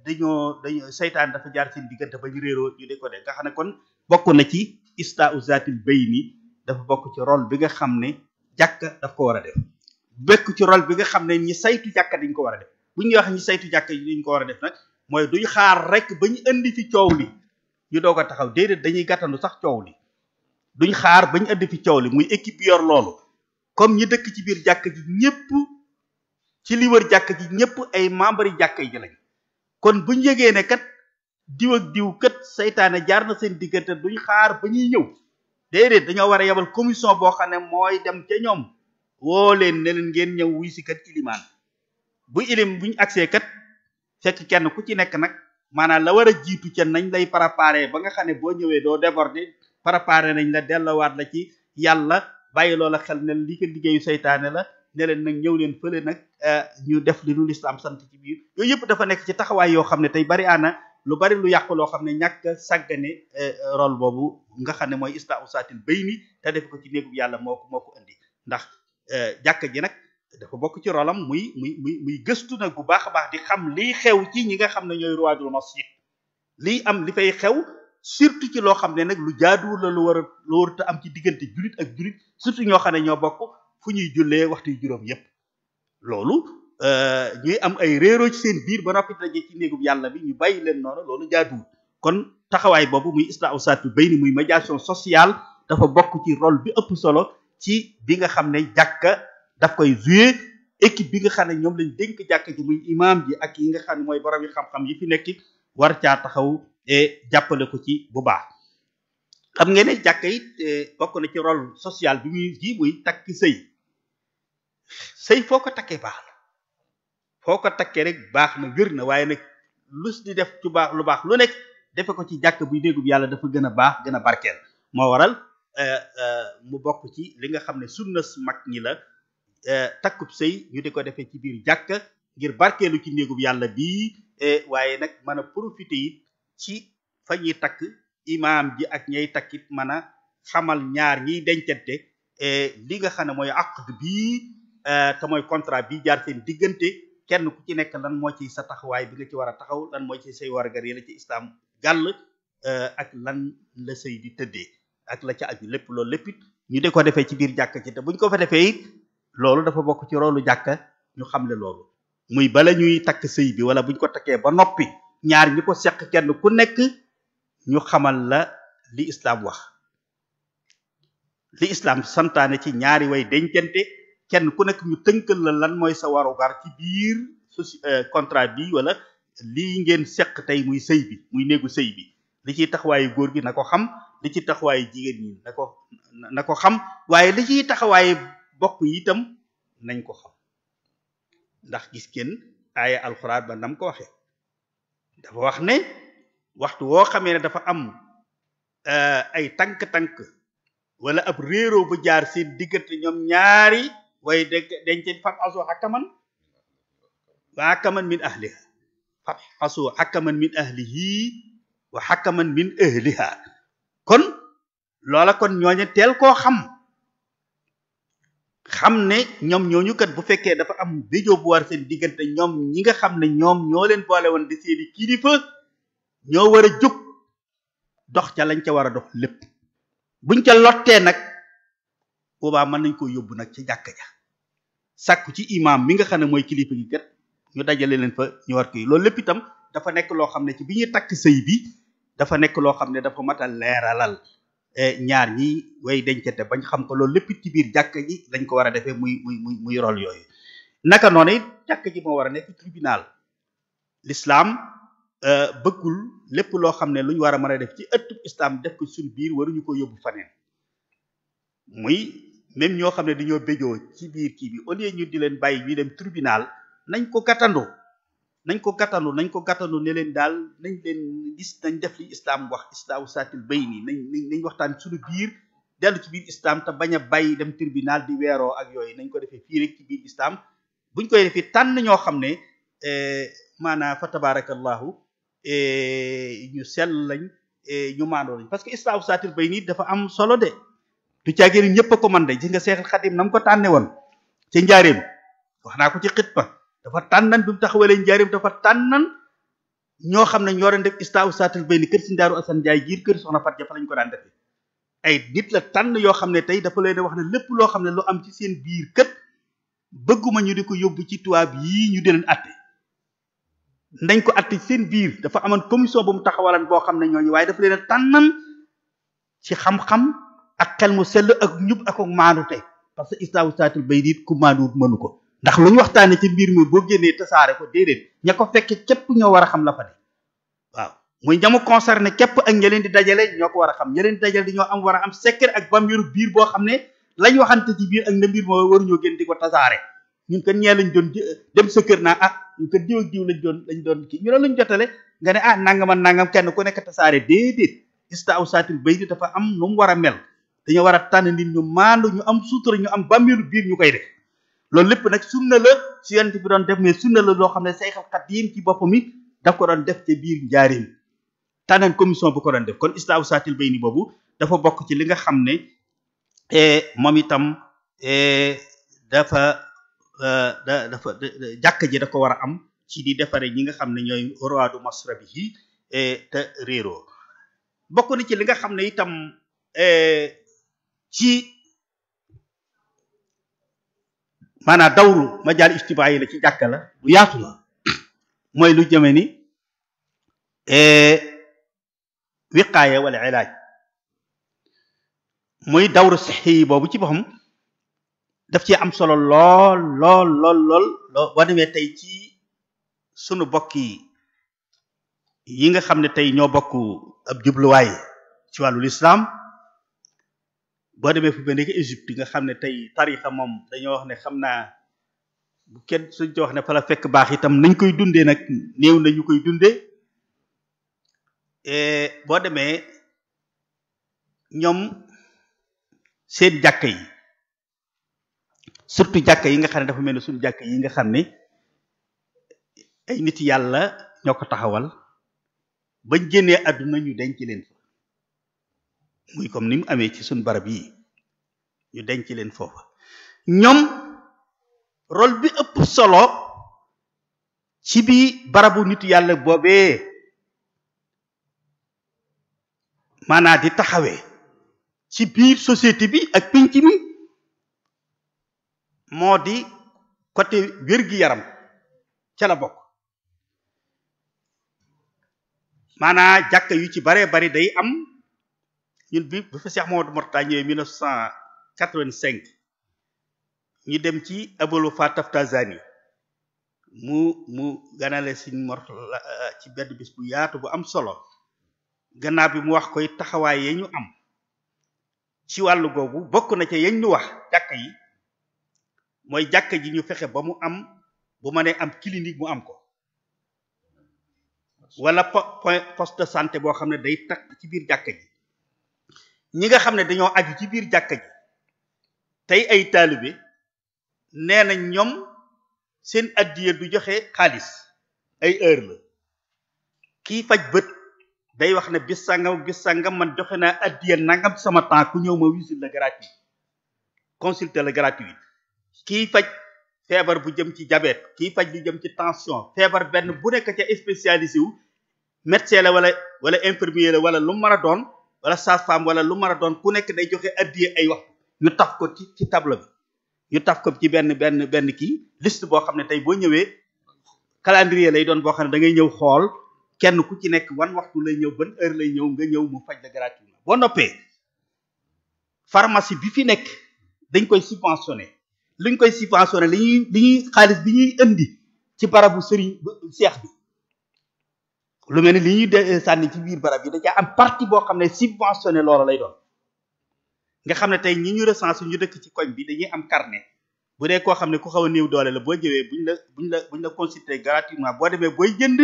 dañoo dañoo seytaan dafa jaar seen diggante ba ñu réeroo ñu di ko de nga xam ne kon bokk na ci istaa uzatil bayni dafa bokk ci rôle bi nga xam ne jàkk daf ko war a def bokk ci role bi nga xam ne ñi saytu jàkka dañ ko war a def bu ñuy wax ñi saytu jàkka yi ñu ko war a def nag mooy duñ xaar rek ba ñu indi fi coow li ñu doog ko taxaw déedéet dañuy gàttandu sax coow li duñ xaar bañ indi fi coow li muy équipe yor loolu comme ñi dëkk ci biir jàkk ji ñëpp ci li jàkk ji ñëpp ay membre yi jàkk ji lañ kon buñ yëgee ne kat diw ak diw kat seytaane jaar na seen diggante duñ xaar ba ñuy ñëw déedéet dañoo war a yebal commission boo xam ne mooy dem ca ñoom woo leen ne leen ngeen ñëw wuy si kat ci limaan bu ilim buñ agsee kat fekk kenn ku ci nekk nag maanaam la war a jiitu ca nañ lay préparé ba nga xam ne boo ñëwee doo déborder préparé nañ la delloowaat la ci yàlla bàyyi loola xel ne li ko liggéeyu seytaane la ne leen nag ñëw leen fële nag euh, ñu def li lu lislaam sant ci biir yooyu yëpp dafa nekk ci taxawaay yoo xam ne tey bari aana lu bari lu yàqu loo xam ne ñàkk sàggane euh, role boobu nga xam ne mooy istaa usaatil bay mi te def ko ci néegub yàlla moo ko moo ko indi ndax euh, jàkka dafa bokk ci rolam muy muy muy muy gëstu nag bu baax a baax di xam liy xew ci ñi nga xam ne ñooy ruwaadul masjid liy am li fay xew surtout ci loo xam ne nag lu jaaduwul la lu war a lu warut am ci diggante jullit ak jullit surtout ñoo xam ne ñoo bokk fu ñuy jullee waxtu yu juróom yépp loolu euh, ñuy am ay réeroo ci seen biir ba noppi daje ci néegub yàlla bi ñu bàyyi leen noonu loolu jaaduwul kon taxawaay boobu muy isla usaat bay ni muy médiation sociale dafa bokk ci rôle bi ëpp solo ci bi nga xam ne jàkka daf koy jouer équipe bi nga xam ne ñoom lañ dénk jàkk ji muy imam ji ak yi nga xam ne mooy borom yi xam-xam yi fi nekk war caa taxaw jàppale ko ci bu baax xam ngeen ne jàkk it eh, bokk na ci rôle sociale bi muy ji muy takki sëy sëy foo ko takkee baax na foo ko takkee rek baax na wér na waaye nag lus di def cu baax lu baax lu nekk defe ko ci jàkk buy déggub yàlla dafa gën a baax gën a barkeel moo waral eh, eh, mu bokk ci li nga xam ne sunnas mag ñi la Euh, takkub sëy ñu di ko defee ci biir jàkk ngir barkeelu ci néegub yàlla bii e, waaye nag mën a profité it ci fa ñuy takk imaam bi ak ñay takkit mën a xamal ñaar ñiy dencante e, li nga xam ne mooy aqd bii e, te mooy contrat bi jaar seen diggante kenn ku ci nekk lan moo ci sa taxawaay bi nga ci war a taxaw lan mooy ci say wargar yi la ci islaam gàll ak lan la sëy di tëddee ak la ca aju lépp loolu lépp ñu di ko defee ci biir jàkk ci te buñ ko fa defee it loolu dafa bokk ci roolu jàkka ñu xamle loolu muy bala ñuy takk sëy bi wala buñ ko takkee ba noppi ñaar ñi ko seq kenn ku nekk ñu xamal la li islaam wax li islaam santaane ci ñaari way dencante kenn ku nekk ñu tënkal la lan mooy sa warugar ci biir soci euh, contrat bi wala lii ngeen seq tey muy sëy bi muy néegu sëy bi li ciy taxawaayu góor gi na ko xam li ci taxawaayu jigéen ñi na ko na ko xam waaye li ciy taxawaayu bokk yi itam nañ ko xam ndax gis ngeen aaya alxuraan ba nam ko waxee dafa wax ne waxtu woo xamee ne dafa am eh, ay tànk-tànk wala ab réeroo bu jaar seen diggate ñoom ñaari waaye de denceen fab asu xakaman wa xakaman min ahliha fab asu xakaman min ahlihi wa xakaman min ahliha kon loola kon ñooñe teel koo xam xam ne ñoom ñooñu kat bu fekkee dafa am vidéo bu war seen diggante ñoom ñi nga xam ne ñoom ñoo leen boole woon di seeni kilifa ñoo war a jóg dox ca lañ ca war a dox lépp buñ ca lottee nag boobaa mën nañ koo yóbbu nag ci jàkk ja sàkku ci imaam mi nga xam ne mooy kilifa ñu kat ñu dajale leen fa ñu war koy loolu lépp itam dafa nekk loo xam ne ci bi ñu takk sëy bi dafa nekk loo xam ne dafa mat a leeralal Eh, ñaar ñi way dencante bañ xam ko loolu lépp ci biir jàkk ji dañ ko war a defee muy muy muy muy yooyu naka noonu it jàkk ji moo war a nekk tribunal l'islam euh, bëggul lépp loo xam ne lu ñu war a mën a def ci ëttub islam def ko suñ biir waruñu ko yóbbu faneen muy même ñoo xam ne dañoo béjoo ci biir kii bi au lieu ñu di leen bàyyi ñuy dem tribunal nañ ko gàttandoo nañ ko gàttalu nañ ko gàttalu ne leen daal nañ leen gis nañ def li islam wax islaamu saatil bay nii nañ nañ waxtaan suñu biir dellu ci biir islam te bañ a bàyyi dem tribunal di weeroo ak yooyu nañ ko defee fii rek ci biir islam buñ koy defee tànn ñoo xam ne eh, maanaam fa tabarakallahu eh, ñu sel lañ eh, ñu maandoo lañ parce que islaamu saatil bay nii dafa am solo de du caagéen ñëpp a ko man de gis nga Seexal Xadim na mu ko tànnee woon ca njaareem wax naa ko ci xitma dafa tànnan bi mu taxawalee njaarim dafa tànnan ñoo xam ne ñoo doon def istaawu saatal bay ni kër si Daaru Asan Njaay jiir kër soxna Fat Jafa lañ ko daan defe ay nit la tànn yoo xam ne tey dafa leen wax ne lépp loo xam ne lu am ci seen biir kët bëgguma ñu di ko yóbbu ci tubaab yii ñu di leen atte nañ ko atte seen biir dafa amoon commission bu mu taxawalan boo xam ne ñooñu waaye dafa leen tànnan ci xam-xam ak xel mu sell ak ñub ak ak maanute parce que istaawu saatu bay nit ku maanuwut mënu ko ndax lu ñu waxtaanee ci mbir mi boo génnee tasaare ko déedéet ña ko fekke képp ñoo war a xam la fa ne waaw muy képp ak ña di dajale ñoo ko war a xam ña leen di dajale am war a am secret ak bambiru biir boo xam ne lañ waxante ci biir ak na mbir moo waruñoo génn di ko tasaare ñun kat ñee lañ doon euh, dem sa kër naa ah ñun kat diw ak diw lañ doon lañ doon kii ñu jotale nga ne ah nangam nangam kenn ku nekk tasaare déedéet ista aw saatil bay di dafa am nu mu war a mel dañoo war a tànn nit ñu maandu ñu am suutura ñu am bambiru biir ñu koy def loolu lépp nag sunna la su yonent bi doon def mais sunna la loo xam ne say Seexul Xadiim ci boppam it daf ko def ci biir njaareem tànnan commission bu ko doon def kon islaahu saatil bayni boobu dafa bokk ci li nga xam ne e, itam e, e, dafa da dafa jàkk ji da ko war a am ci di defare ñi nga xam ne ñooy roadu masrabi yi te réeroo bokk ci li nga xam ne itam ci maanaam dawru majaal ijtibaa yi la ci jàkka la lu yaatu la mooy lu jëme ni e, wiqaaya wala ilaaj muy dawru sixi boobu ci boppam daf ci am solo lool lool lool lool lool boo tey ci sunu bokk yi nga xam ne tey ñoo bokk ab jubluwaay ci wàllu lislaam boo demee fu mel ni Égypte nga xam ne tey tarixa moom dañoo wax ne xam naa bu kenn suñ ci wax ne fa la fekk baax itam nañ koy dundee nag néew nañu koy dundee eh, boo demee ñoom seen jàkka yi surtout jàkk yi nga xam ne dafa mel ni suñu jàkk yi nga xam ne ay nit yàlla ñoo ko taxawal bañ génnee àdduna ñu denc leen muy comme ni mu amee ci suñ barab yi ñu denc leen foofa ñoom rôle bi ëpp solo ci bii barabu nit yàlla boobee maanaa di taxawee ci biir société bi ak pénc mi moo di côté wér-gi-yaram ca la bokk maanaa jàkka yu ci baree bari day am ñun bi bi fa Cheikh Mamadou Mourtada ñëwee 1985 ñu dem ci Abul Wafa mu mu ganale Sëñ Mourtada ci benn bis bu yaatu bu am solo gannaaw bi mu wax koy taxawaay ya ñu am ci wàllu googu bokk na ca yañ ñu wax jàkk yi mooy jàkk ji ñu fexe ba mu am bu ma nee am clinique mu am ko wala po poste de santé boo xam ne day takk ci biir jàkk ji ñi nga xam ne dañoo aju ci biir jàkka ji tey ay taalibe nee na ñoom seen addiya du joxe xaalis ay heure la kii faj bët day wax ne bis sangam bis sangam man joxe naa addiya nangam sama temps ku ñëw ma wisit la gratuit consulté la gratuit kii faj feebar bu jëm ci diabète kii faj lu jëm ci tension feebar benn bu nekk ca spécialisé wu médecin la wala wala infirmier la wala lu mën a doon wala sage-femme wala lu mën a doon ku nekk day joxe addiye ay waxtu ñu taf ko ci ci tableau bi yu taf ko ci benn benn benn kii liste boo xam ne tey boo ñëwee calendrier lay doon boo xam ne da ngay ñëw xool kenn ku ci nekk wan waxtu lay ñëw ban heure lay ñëw nga ñëw mu faj la gratuitement boo noppee pharmacie bi fi nekk dañ koy subventionné liñ koy subventionné li ñuy li xaalis bi ñuy indi ci barabu sëriñ seex bi lu mel ni li ñuy de sànni ci biir barab yi da caa am partie boo xam ne subventionné loola lay doon nga xam ne tey ñi ñu recensé ñu dëkk ci koñ bi dañuy am carnet bu dee koo xam ne ku xaw a néew doole la boo jëwee buñ la buñ la buñ la consulter gratuitement boo demee booy jënd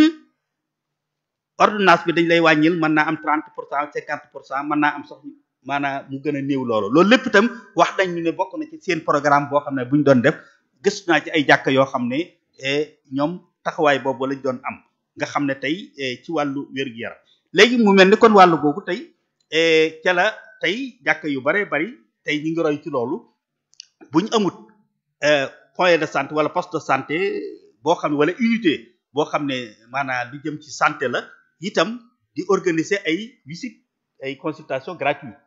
ordonnance bi dañ lay wàññil mën naa am 30 pour cent 50 pour cent mën naa am sox maanaam mu gën a loolu lépp itam wax nañ ñu ne bokk na ci seen programme boo xam ne buñ doon def gëstu naa ci ay jàkka yoo xam ne eh, ñoom taxawaay boobu lañ doon am nga xam ne tey eh, ci wàllu wér yaram léegi mu mel ni kon wàllu boobu tey eh, ca la tey jàkka yu bare bari tey ñu ngi roy ci loolu bu ñu amut eh, point de santé wala poste de santé boo xam ne wala unité boo xam ne maanaam lu jëm ci santé la itam di organiser ay visite ay consultation gratuite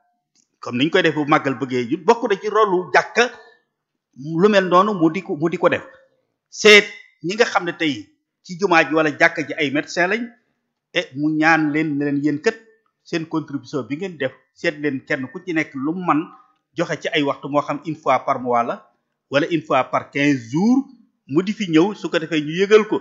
comme niñ koy def bu màggal bëggee ju bokk na ci rolu jàkka lu mel noonu mu di ko mu ko def seet ñi nga xam ne tey ci jumaa ji wala jàkk ji ay médecin lañ e mu ñaan leen ne leen yéen seen contribution bi ngeen def seet leen kenn ku ci nekk lu mu man joxe ci ay waxtu moo xam une fois par mois la wala une fois par quinze jours mu di fi ñëw su ko defee ñu yëgal ko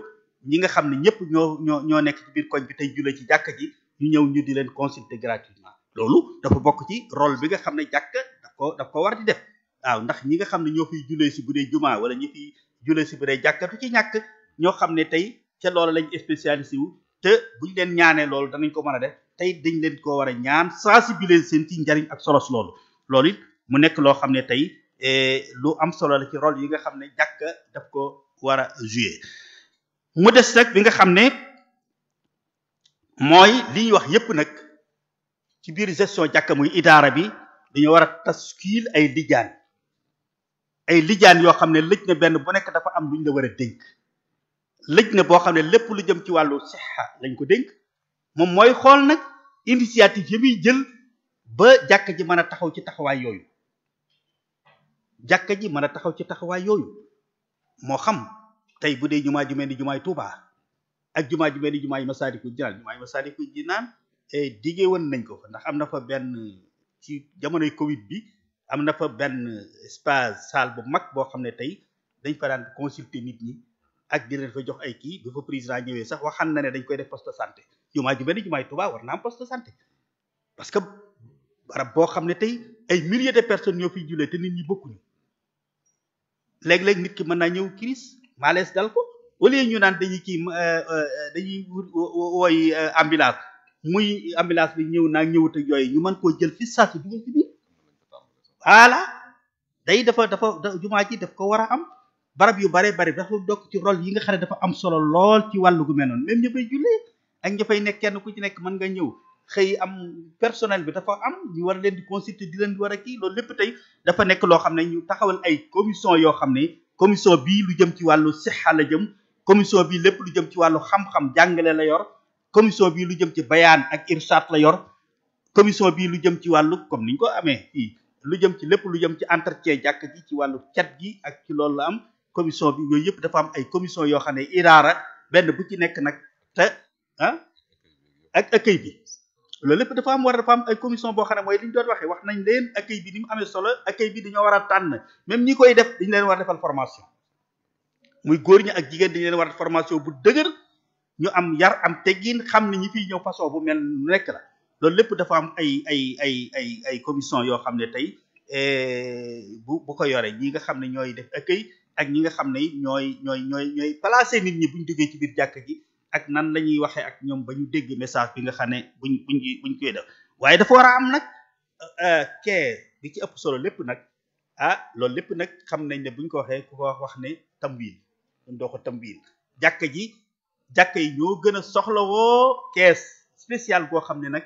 ñi nga xam ne ñëpp ñoo ñoo ñoo nekk ci biir koñ bi tey jule ci jàkk ji ñu ñëw ñu di leen consulter gratuitement loolu dafa bokk ci rôle bi nga xam ne jàkka daf ko daf ko war di def waaw ndax ñi nga xam ne ñoo fiy julee si bu dee jumaa wala ñi fiy julee si bu dee jàkka du ci ñàkk ñoo xam ne tey ca loolu lañ spécialisé wu te buñ leen ñaanee loolu danañ ko mën a def tey dañ leen koo war a ñaan sensibiliser seen ci njariñ ak solos loolu loolu it mu nekk loo xam ne tey eh, lu am solo la ci role yi nga xam ne jàkka daf ko war a jouer mu des nag bi nga xam ne mooy li ñuy wax yépp nag ci biir gestion jàkka muy idaara bi dañoo war a taskiil ay lijaan ay lijaan yoo xam ne lëj na benn bu nekk dafa am lu ñu la war a dénk lëj na boo xam ne lépp lu jëm ci wàllu sixa lañ ko dénk moom mooy xool nag initiative yi muy jël ba jàkk ji mën a taxaw ci taxawaay yooyu jàkk ji mën a taxaw ci taxawaay yooyu moo xam tey bu dee jumaa ju mel ni jumaay Tuubaa ak jumaa ju mel ni jumaay Masaalikul Jinaan jumaay Masaalikul Jinaan eh, diggee woon nañ ko ndax am na fa benn ci jamonoy Covid bi am na fa benn espace salle bu mag boo xam ne tey dañ fa daan consulter nit ñi ak di fa jox ay kii bi fa président ñëwee sax waxaan na ne dañ koy def poste de santé jumaa ju mel ni jumaay war na am poste de santé parce que barab boo xam ne tey ay millier de personnes ñoo fiy jullee te nit ñi bokkuñu léeg-léeg nit ki mën naa ñëw crise malaise dal ko au lieu ñu naan dañu kii euh, euh, dañuy wooy euh, ambulance muy ambulance bi ñëw naa ñëwut yooyu ñu mën koo jël fi saa si dugal ci biir voilà day dafa dafa jumaa ji daf ko war a am barab yu bare bari dafa dokk ci rôle yi nga xam ne dafa am solo lool ci wàllu gu mel noonu même ña fay jullee ak ña fay nekk kenn ku ci nekk mën nga ñëw xëy am personnel bi dafa am ñu war leen di constituer di leen war a kii loolu lépp tey dafa nekk loo xam ne ñu taxawal ay commission yoo xam ne commission bii lu jëm ci wàllu sixa la jëm commission bii lépp lu jëm ci wàllu xam-xam jàngale la yor commission bii lu jëm ci bayaan ak irsaat la yor commission bii lu jëm ci wàllu comme niñ ko amee fii lu jëm ci lépp lu jëm ci entretien jàkk ji ci wàllu cat gi ak ci loolu la am commission bi yooyu yëpp dafa am ay commission yoo xam ne iraara benn bu ci nekk nag te ah ak accueil bi loolu lépp dafa am war dafa am ay commission boo xam ne mooy li ñu doon waxee wax nañ leen accueil bi ni mu amee solo accueil bi dañoo war a tànn même ñi koy def dañu leen war a defal formation muy góor ñi ak jigéen dañu leen war a formation bu dëgër ñu am yar am teggin xam ne ñi fiy ñëw façon bu mel nu nekk la loolu lépp dafa am ay ay ay ay ay commission yoo xam ne tey eh, bu bu ko yoree ñi nga xam ne ñooy def accueil ak ñi nga xam ne ñooy ñooy ñooy ñooy placé nit ñi buñ duggee ci biir jàkk gi ak nan la ñuy waxee ak ñoom ba ñu dégg message bi nga xam ne buñ buñ buñ koy def waaye dafa war a am nag kee euh, euh, bi ci ëpp solo lépp nag ah loolu lépp nag xam nañ ne buñ ko waxee ku ko wax ne tamwiil ñun dox ko tamwiil jàkk ji jàkk yi ñoo gën a soxlawoo kees spécial goo xam ne nag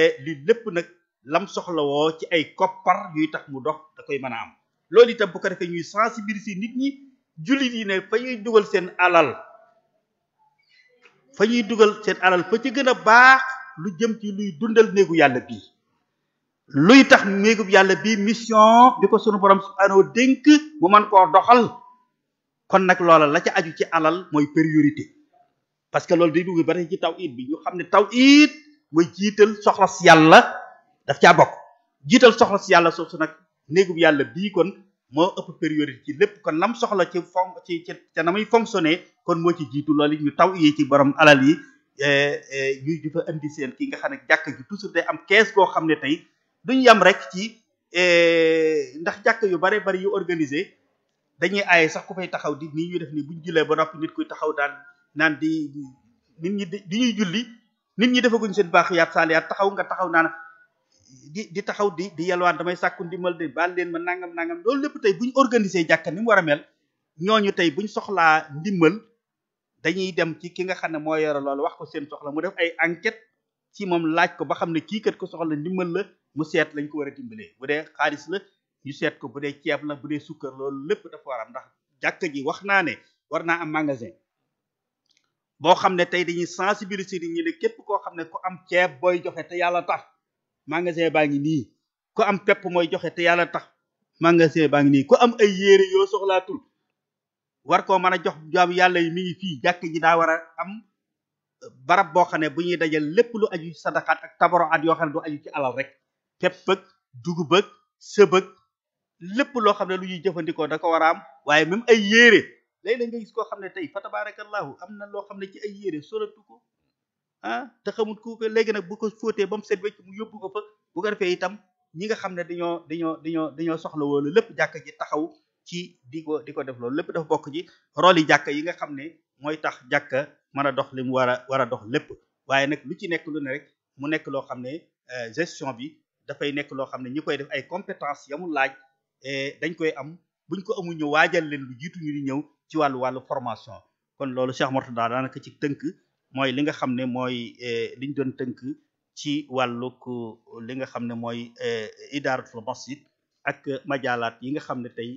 eh, li lépp nag lam soxlawoo ci ay koppar yuy tax mu dox da koy mën a am loolu itam bu ko defee ñuy sensibiliser nit ñi jullit yi ne fa ñuy dugal seen alal fa ñuy dugal seen alal fa ci gën a baax lu jëm ci luy dundal néegu yàlla bii luy tax néegub yàlla bii mission bi ko sunu borom subhaanahu dénk mu man koo doxal kon nag loola la ca aju ci alal mooy priorité parce que loolu day dugg ba tey ci tawhid bi ñu xam ne tawhid mooy jiital soxla si yàlla daf caa bokk jiital soxla si yàlla soosu nag néegub yàlla bii kon moo ëpp priorité ci lépp kon lam soxla ci fon ci ci ca nam yi fonctionner kon moo ci jiitu loolu ñu taw yi ci borom alal yi eh, eh, ñuy jufa indi seen ki nga xam ne jàkk gi toujours day am kees goo xam ne tey duñu yam rek ci eh, ndax jàkk yu bare bari yu organisé dañuy aaye sax ku fay taxaw di nii ñuy def ni buñ jullee ba noppi nit kuy taxaw daal naan di nit ñi di ñuy julli nit ñi defaguñ seen baax yaat saaliyaat taxaw nga taxaw naan di di taxaw di di yalwaan damay sàkku ndimbal de baal leen ma nangam nangam loolu lépp tey bu ñu organiser jàkka ni mu war a mel ñooñu tey bu ñu soxlaa ndimbal dañuy dem ci ki nga xam ne moo yore loolu wax ko seen soxla mu def ay enquête ci moom laaj ko ba xam ne kii kat ko soxla ndimbal la mu seet lañ ko war a dimbalee bu dee xaalis la ñu seet ko bu dee ceeb la bu dee sukkar loolu lépp dafa war a ndax jàkka ji wax naa ne war naa am magasin boo xam ne tey dañuy sensibiliser nit ñi koo xam ne ku am ceeb booy joxe te yàlla magasin baa ngi nii ku am pepp mooy joxe te yàlla tax magasin baa ngi nii ku am ay yére yoo soxlaatul war koo mën a jox jaamu yàlla yi mi ngi fii jàkk ji daa war a am barab boo xam ne bu ñuy dajal lépp lu aju ci sadaqaat ak tabaroat yoo xam ne du aju ci alal rek pepp ak dugub ak sëb ak lépp loo xam ne lu ñuy jëfandikoo da ko war a am waaye même ay yére léeg-léeg nga gis koo xam ne tey fa tabarakallahu am na loo xam ne ci ay yére solatu ko ah te xamul ku ko léegi nag bu ko fóotee ba mu set wecc mu yóbbu ko fa bu ko defee itam ñi nga xam ne dañoo dañoo dañoo dañoo soxla woolu lépp jàkk ji taxaw ci di ko di ko def loolu lépp dafa bokk ci rôle yi jàkk yi nga xam ne mooy tax jàkka mën a dox li mu war a war a dox lépp waaye nag lu ci nekk lu ne rek mu nekk loo xam ne euh, gestion bi dafay nekk loo xam ne ñi koy def ay compétence yamul laaj euh, dañ koy am buñ ko amuñu waajal leen lu jiitu ñu di ñëw ci wàllu wàllu formation kon loolu Cheikh Mourtada daanaka ci tënk mooy li nga xam ne mooy eh, liñ ñu doon tënk ci wàllug eh, li nga xam ne mooy eh, idaaratul masjid ak majaalaat yi nga xam ne tey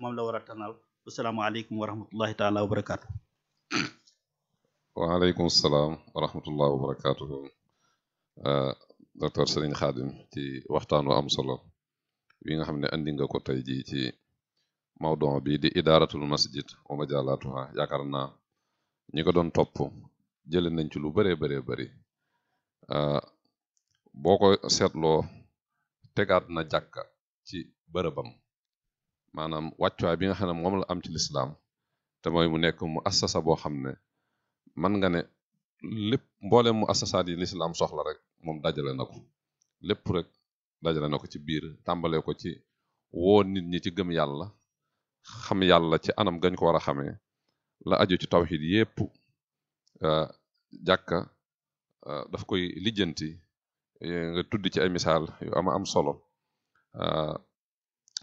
moom la war a tanal asalaamaaleykum wa rahmatullahi taala wa barakaatu. waaleykum salaam ci waxtaan wu am solo wi nga xam ne andi nga ko tey jii ci mawdon bi di idaaratul masjid wa majaalaatuha yaakaar naa ñi ko doon topp. jëlee nañ ci lu bëree bëree bëri ah, boo ko seetloo tegaat na jàkka ci bërëbam maanaam wàccuwaay bi nga xam ne moom la am ci lislaam te mooy mu nekk mu assasa boo xam ne mën nga ne lépp mboole mu assasaat yi lislaam soxla rek moom dajale na ko lépp rek dajale na ko ci biir tàmbale ko ci woo nit ñi ci gëm yàlla xam yàlla ci anam gañ ko war a xamee la aju ci taw tawxid yépp jàkka daf koy lijjanti nga tudd ci ay misaal yu ama am solo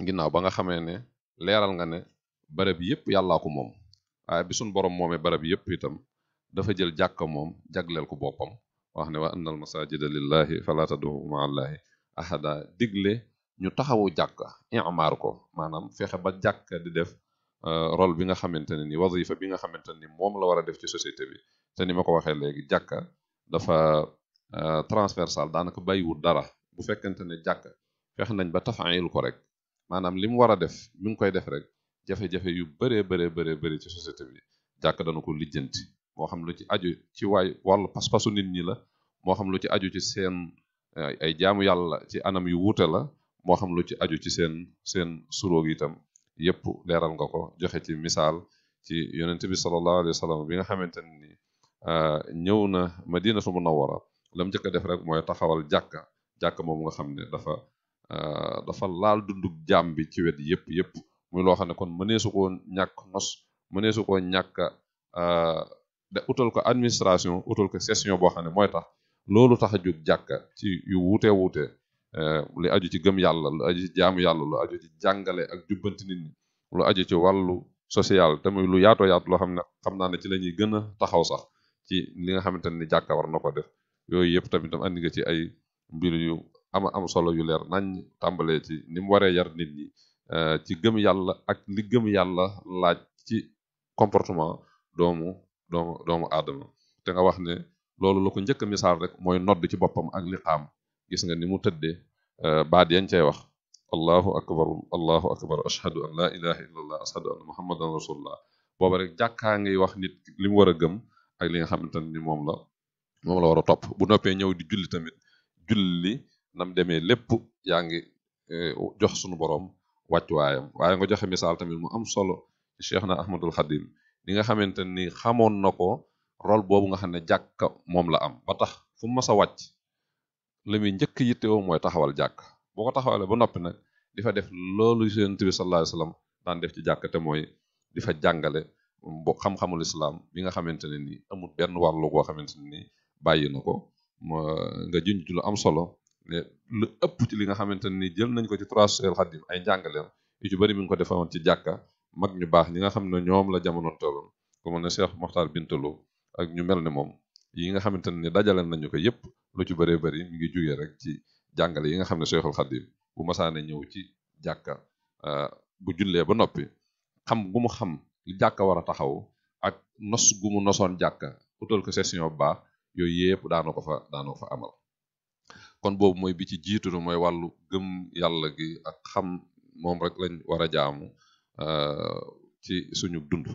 ginnaaw ba nga xamee ne leeral nga ne barab yëpp yàllaa ko moom waaye bi suñ borom moomee barab yëpp itam dafa jël jàkka moom jagleel ko boppam wax ne wa anna al masajida lillahi fala tad'u ma'a allahi ahada digle ñu taxawu jàkka imaar ko maanaam fexe ba jàkka di def Euh, rôle bi nga xamante ne ni wasifa bi nga xamante ne ni moom la war a def ci société bi te ni ma ko waxee léegi jàkka dafa euh, transversal daanaka bàyyiwul dara bu fekkente ne jàkka fex nañ ba tafaayil ko rek maanaam li mu war a def mi ngi koy def rek jafe-jafe yu bëree bëree bëree bëri ci société bi jàkk dana ko lijjanti moo xam lu ci ajo ci waay wàllu pas-pasu nit la moo xam lu ci aju ci seen ay jaamu yàlla ci anam yu wuute la moo xam lu ci aju ci seen seen suróog itam yëpp leeral nga ko joxe ci misaal ci yonente bi sallallahu alayhi wa sallam bi nga xamante ne ni euh, ñëw na madinatu munawwara lam njëkk a def rek mooy taxawal jàkka jàkka moom nga xam ne dafa euh, dafa laal dundug jaam bi ci wet yëpp yëpp muy loo xam ne kon mëneesu koo ñàkk nos mëneesu koo ñàkk euh, de utal ko administration utal ko session boo xam ne mooy tax loolu tax a jóg jàkka ci yu wuute wuute Eh, lu aju ci gëm yàlla lu aju ci jaamu yàlla lu aju ci jàngale ak jubbanti nit ñi aju ci wàllu social te lu yaatoo yaatu loo xam ne xam naa ne ci la ñuy gën a taxaw sax ci li nga xamante ni jàkka war na ko def yooyu yëpp tamit tam andi ci ay mbir yu ama am solo yu leer nañ tàmbalee ci ni mu waree yar nit ñi eh, ci gëm yàlla ak li gëm yàlla laaj ci comportement doomu doomu doomu aadama te nga wax ne loolu la ko njëkk a rek mooy nodd ci boppam ak li liqaam gis nga ni mu tëddee euh, baat yañ cay wax allahu akbar allahu akbar ashhadu an la ilaha illallah ashhadu anna muhammadan rasulullah booba rek jàkkaa ngay wax nit li mu war a gëm ak li nga xamante ne ni moom la moom la war a topp bu noppee ñëw di julli tamit julli nam demee lépp yaa ngi euh, jox sunu borom wàccuwaayam waaye nga joxe misaal tamit mu am solo ci cheikh na ahmadul xadim li nga xamante ni xamoon na ko rôle boobu nga xam ne jàkka moom la am ba tax fu mu mas a wàcc la muy njëkk yittewoo mooy taxawal jàkk boo taxawale taxawalee ba noppi nag di fa def loolu yonent bi sallallahu alayhi wasallam daan def ci jàkk te mooy di fa jàngale bo xam-xamul islaam bi nga xamante ne nii amul benn wàllu goo xamante ne nii bàyyi na ko nga junj lu am solo ne lu ëpp ci li nga xamante ne nii jël nañ ko ci Trasul Xadim ay njàngaleem yu ci bëri mi ngi ko defoon ci jàkka mag ñu baax ñi nga xam ne ñoom la jamono tolloon comme ne Cheikh Moxtar Bintaloo ak ñu mel ne moom yi nga xamante ne dajale nañu ko yëpp lu ci bëree bëri mi ngi jugee rek ci jàngale yi nga xam ne Seexul Xadiim bu masaane ñëw ci jàkka euh, bu jullee ba noppi xam gu mu xam li jàkka war a taxaw ak nos gu mu nosoon jàkka utal ko session bu baax yooyu yëpp daana ko fa fa amal kon boobu mooy bi ci jiituru mooy wàllu gëm yàlla gi ak xam moom rek lañ war a jaamu euh, ci suñu dund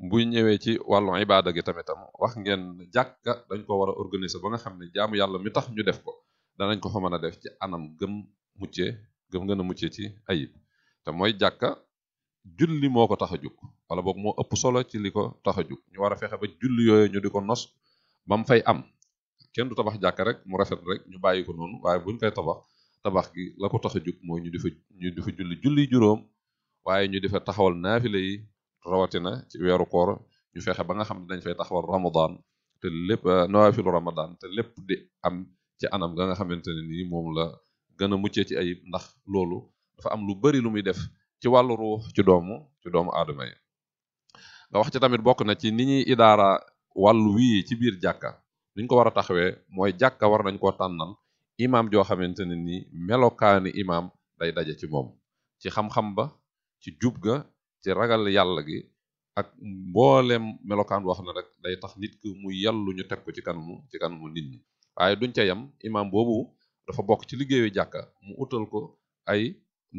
buy ñëwee ci wàllu ibaada gi tamitam wax ngeen jàkka dañ ko war a organiser ba nga xam ne jaamu yàlla mi tax ñu def ko danañ ko fa mën a def ci anam gëm muccee gëm gën mucce ci ayib te mooy jàkka julli moo ko tax a jug wala boog moo ëpp solo ci li ko tax a jug ñu war a fexe ba julli yooyu ñu di ko nos ba mu fay am kenn du tabax jàkka rek mu rafet rek ñu bàyyi ko noonu waaye buñ koy tabax tabax ki la ko tax a jug mooy ñu di fa ñu di fa julli julli juróom waaye ñu di taxawal naafile yi rawatina ci weeru ñu fexe ba nga xam ne dañ fay taxawal ramadan te lépp euh, nawaafilu ramadan te lépp di am ci anam ga nga xamante ne nii moom la gën a muccee ci ayib ndax loolu dafa am lu bari lu muy def ci wàllu ruux ci doomu ci doomu aadama yi nga wax ci tamit bokk na ci ni ñuy idaara wàllu wii ci biir jàkka niñ ko war a taxawee mooy jàkka war nañ koo tànnal imaam joo xamante ne nii melokaani imaam day daje ci moom ci xam-xam ba ci jub ga ci ragal yàlla gi ak mbooleem melokaan wax na rek day tax nit muy mu yàllu ñu teg ko ci kanamu ci kanamu nit ñi waaye duñ ca yam imaam boobu dafa bokk ci liggéeyu jàkka mu utal ko ay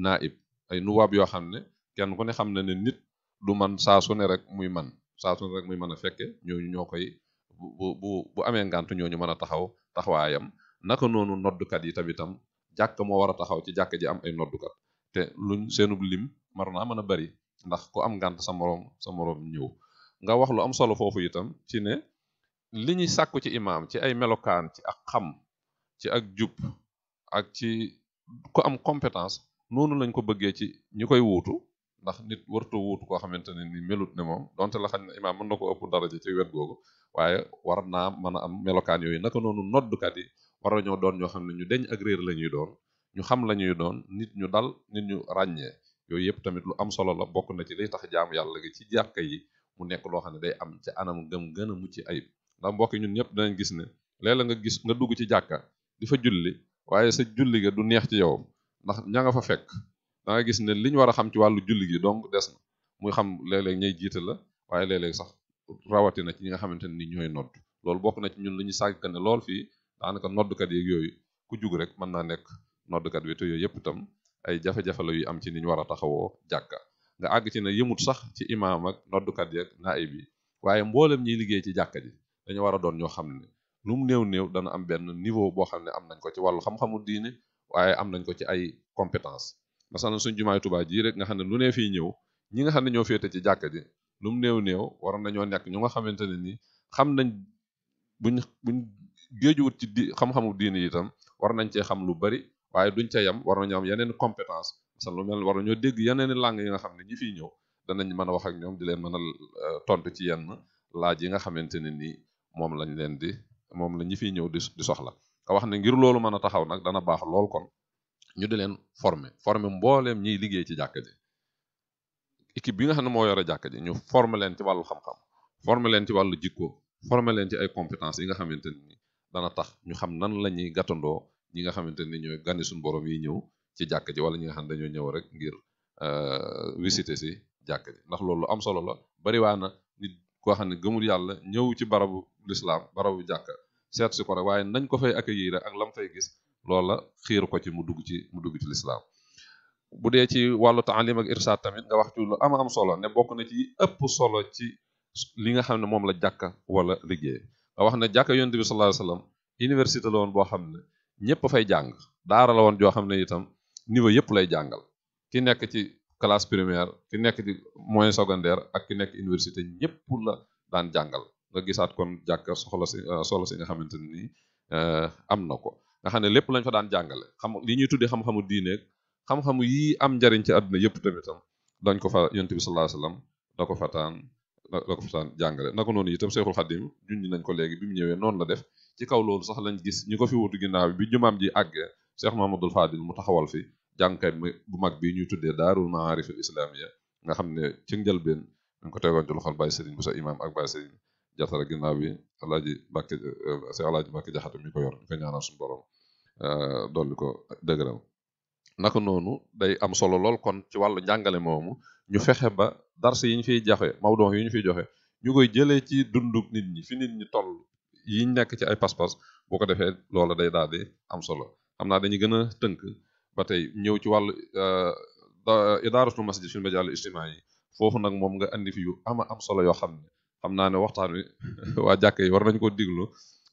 naib ay nuwaab yoo xam ne kenn ku ne xam na ne nit du man saa ne rek muy man saa rek muy mën a fekke ñooñu ñoo koy bu bu bu amee ngant ñooñu mën a taxaw taxawaayam naka noonu noddukat yi tamitam jàkk moo war a taxaw ci jàkk ji am ay noddukat te luñ seenub lim mar naa mën a bari ndax ku am ngànt sa moroom sa moroom ñëw nga wax lu am solo foofu itam ci ne li ñuy sàkku ci imaam ci ay melokaan ci ak xam ci ak jub ak ci ku am compétence noonu lañ ko bëggee ci ñi koy wuutu ndax nit warta wuutu koo xamante ne ni melut ne moom donte la xam ne imaam mën na ko dara daraja ci wet googu waaye war naa mën a am melokaan yooyu naka noonu noddukat yi war nañoo doon ñoo xam ne ñu deñ ak réer la ñuy doon ñu xam la ñuy doon nit ñu dal nit ñu ràññee yooyu yëpp tamit lu am solo la bokk na ci liy tax jaamu yàlla gi ci jàkka yi mu nekk loo xam ne day am ci anam gëm gën a mucc ayib ndax mbokk ñun ñëpp danañ gis ne léeg-léeg nga gis nga dugg ci jàkka di fa julli waaye sa julli ga du neex ci yow ndax ña nga fa fekk da nga gis ne liñ war a xam ci wàllu julli gi donc des na muy xam léeg-léeg ñay jiite la waaye léeg-léeg sax rawatina ci ñi nga xamante ne ni ñooy nodd loolu bokk na ci ñun lu ñu sàggane lool fii daanaka noddkat yeg yooyu ku jug rek mën naa nekk noddkat bi yooyu yëpp itam ay jafe-jafe la yu am ci ni ñu war a taxawoo jàkka nga àgg ci na yëmut sax ci imaam ak noddukat yeeg naayib yi waaye mboolem ñiy liggéey ci jàkka ji dañu war a doon ñoo xam ne lu mu néew néew dana am benn niveau boo xam ne am nañ ko ci wàllu xam diine waaye am nañ ko ci ay compétence masalan suñ jumaay Tuubaa ji rek nga xam ne lu nee fii ñëw ñi nga xam ne ñoo féete ci jàkka ji lu mu néew néew war nañoo nekk ñu nga xamante ne ni xam nañ buñ buñ géejuwut ci di xam-xamu diine itam war nañ cee xam lu bari waaye duñ ca yam war nañoo am yeneen compétence sa lu mel war nañoo dégg yeneen langue yi nga xam ne ñi fiy ñëw danañ mën a wax ak ñoom di leen mën a euh, tontu ci yenn laaj yi nga xamante ne nii moom lañ leen di moom la ñi fiy ñëw di soxla nga wax ne ngir loolu mën a taxaw nag dana baax lool kon ñu di leen former forme mbooleem ñiy liggéey ci jàkka ji équipe bi nga xam ne moo yore jàkka ji ñu former leen ci wàllu xam-xam leen ci wàllu jikko former leen ci ay compétences yi nga xamante ne nii dana tax ñu xam nan la ñuy gàttandoo ñi nga xamante ni ñooy gani suñu borom yi ñëw ci jàkk ji wala ñi nga xam dañoo ñëw rek ngir euh, visiter si jàkk ji ndax loolu am solo la bari waa na nit koo xam ne gëmul yàlla ñëw ci barabu lislaam barabu jàkk seet si ko rek waaye nañ ko fay accueillir ak lam fay gis loola xiir ko ci mu dugg ci mu dugg ci lislaam bu dee ci wàllu taalim ak irsaad tamit nga wax ci lu ama am solo ne bokk na ci ëpp solo ci li nga xam ne moom la jàkka wala liggéey nga wax ne jàkka yonent bi sallallahu alayhi wasallam boo xam ne ñëpp fay jàng daara la woon joo xam ne itam niveau yëpp lay jàngal ki nekk ci classe primaire ki nekk ci moyen secondaire ak ki nekk université ñëpp la daan jàngal nga gisaat kon jàkka soxla si euh, soxla si nga xamante ni euh, am na ko nga xam ne lépp lañ fa daan jàngale xam li ñuy tuddee xam-xamu diine xam-xamu am njariñ ci àdduna yëpp tamitam dañ ko fa yonent bi sallallahu alayhi wasallam ko fa taan da ko fa taan noonu itam Seexul Xadim junj nañ ko léegi bi mu ñëwee noonu la def ci kaw loolu sax lañ gis ñi ko fi wutu ginnaaw bi ñu jumaam ji àggee Cheikh Mamadul Fadil mu taxawal fi jàngkat bu mag bi ñuy tuddee daarul maarifil islamiya nga xam ne ci njëlbeen dañ ko tegoon ci loxol Baye Serigne bu sa imaam ak Baye Serigne Jatara ginnaaw bi alaaji Mbàkke euh, Cheikh alaaji Mbàkke Jaxate mi ko yor ñu ko ñaanal suñu borom euh, dolli ko dëgëral naka noonu day am solo lool kon ci wàllu njàngale moomu ñu fexe ba dars yi ñu fiy jaxe mawdon yi ñu fiy joxe ñu koy jëlee ci dunduk nit ñi fi nit ñi toll yi nekk ci ay pas-pas boo ko defee loola day daal di am solo xam naa dañuy gën a tënk ba tey ñëw ci wàllu euh, idaaratul masjid fil majaal ijtimaa yi foofu nag moom nga andi fi yu ama am solo yoo xam ne xam naa ne waxtaan wi wa jàkk yi war nañ ko diglu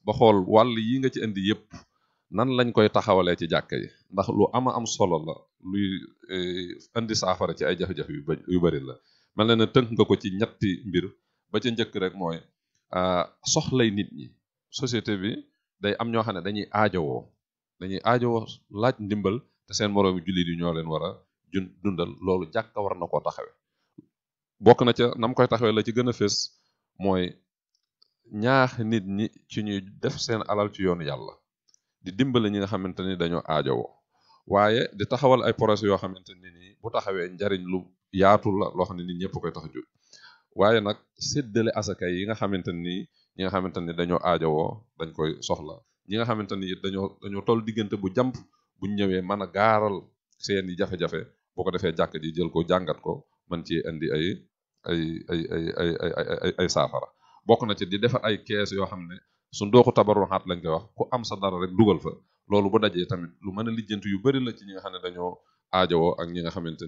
ba xool wàll yi nga ci indi yëpp nan lañ koy taxawalee ci jàkk yi ndax lu ama am solo la luy indi euh, saafara ci ay jafe-jafe yu bari la mel na tënk nga ko ci ñetti mbir ba ca njëkk rek mooy euh, soxlay nit ñi société bi day am ñoo xam ne dañuy aajowoo dañuy aajowoo laaj ndimbal te seen moroomi jullit yi ñoo leen wara a jun dundal loolu jàkka war na koo taxawe bokk na ca nam koy taxawee la ci gën a fés mooy ñaax nit ñi ci ñuy def seen alal ci yoonu yàlla di dimbale ñi nga xamante ni dañoo aajowoo waaye di taxawal ay projet yoo xamante ni nii bu taxawee njariñ lu yaatu la loo xam ne nit ñëpp koy tax a jóg waaye nag séddale yi nga xamante ni ñi nga xamante ni dañoo aajowoo dañ koy soxla ñi nga xamante ni dañoo dañoo toll diggante bu jàmp buñ ñëwee mën a gaaral seeni jafe-jafe boo ko defee jàkk ji jël ko jàngat ko man ci indi ay ay ay ay ay saafara bokk na ci di defar ay kees yoo xam ne su ndooxu tabaruxaat lañ koy wax ku am sa dara rek dugal fa loolu bu daje tamit lu mën a lijjanti yu bari la ci ñi nga xam ne dañoo aajowoo ak ñi nga xamante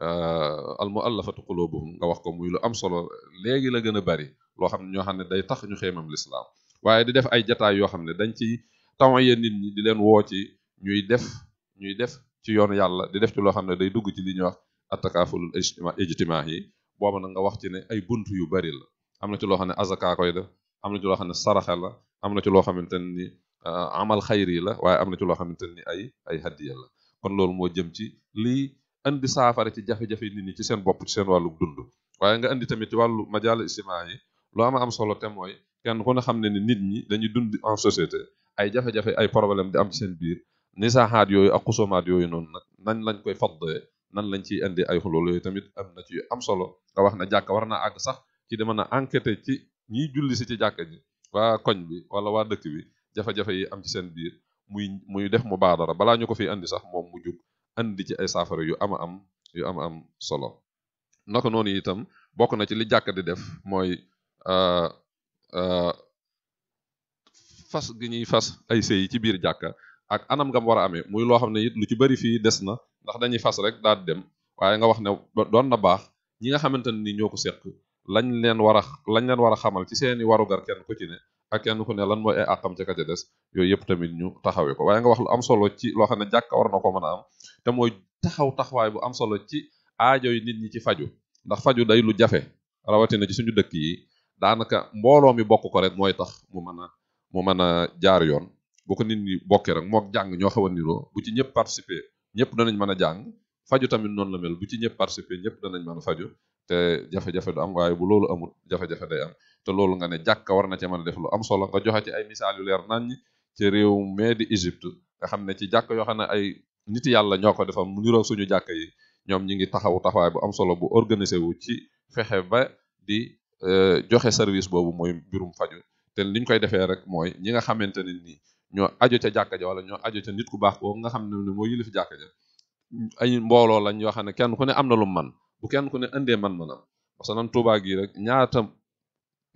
al muallafatu qulubuhum nga wax ko muy lu am solo léegi la gën a bari loo xam ne ñoo xam ne day tax ñu xeemam lislaam waaye di def ay jataay yoo xam ne dañ ci tawaya nit ñi di leen woo ci ñuy def ñuy def ci yoon yàlla di def ci loo xam ne day dugg ci li ñuy wax attakaful ijtimaa yi boobu na nga wax ci ne ay bunt yu bari la am na ci loo xam ne azaka koy def am na ci loo xam ne saraxa la am na ci loo xamante ni ah, amal xayri la waaye am na ci loo xamante ni ay ay hadiya la kon loolu moo jëm ci lii andi saafara ci jafe-jafe nit ñi ci seen bopp ci seen wàllu dund waaye nga andi tamit ci wàllu majaal ijtimaa yi lu ama am solo te mooy kenn ku ne xam ne ni nit ñi dañuy dund en société ay jafe-jafe ay problème di am ci seen biir nisaaxaat yooyu ak xusumaat yooyu noonu nag nan lañ koy faddee nan lañ ciy indi ay xulool yooyu tamit am na ci am solo nga wax na jàkka war naa àgg sax ci di mën a ci ñiy julli si ci jàkka ji waa koñ bi wala waa dëkk bi jafe-jafe yi am ci seen biir muy muy def mu baadara balaa ñu ko fi indi sax moom mu jug andi ci ay saafara yu ama am yu ama am solo naka noonu itam bokk na ci li jàkk di def mooy euh, euh, fas gi ñuy fas ay sëy ci biir jàkka ak anam gam war a amee muy loo xam ne it lu ci bëri fii des na ndax dañuy fas rek daal dem waaye nga wax ne doon na baax ñi nga xamante ne ni ñoo ko seq lañ leen war a lañ leen war a xamal ci seeni warugar kenn ku ci ne ak kenn ku ne lan mooy ay àqam ca ka ca des yooyu yëpp tamit ñu taxawee ko waaye nga wax lu am solo ci loo xam ne jàkka war na ko mën a am te mooy taxaw taxawaay bu am solo ci aajo yi nit ñi ci faju ndax faju day lu jafe rawatina ci suñu dëkk yi daanaka mbooloo mi bokk ko rek mooy tax mu mën a mu mën a jaar yoon bu ko nit ñi bokkee rek mook jàng ñoo xaw a bu ci ñëpp participer ñëpp danañ mën a jàng faju tamit noonu la mel bu ci ñëpp participer ñëpp danañ mën a faju te jafe-jafe du am waaye bu loolu amul jafe-jafe day te loolu nga ne jàkka war na cee mën a def lu am solo nga joxe ci ay misaal yu leer naññ ci réew mee di Égypte nga xam ne ci jàkka yoo xam ne ay nit yàlla ñoo ko defal mu suñu jàkka yi ñoom ñi ngi taxawu taxawaay bu am solo bu organisé wu ci fexe ba di e, joxe service boobu mooy mbirum faju te liñ koy defee rek mooy ñi nga xamante ne nii ñoo aju ca jàkka ja wala ñoo aju nit ku baax boobu nga xam ne moo yilif jàkka ja ay mbooloo lañ yoo xam ne kenn ku ne am na lu man bu kenn ku ne indee man-manam parce que nan rek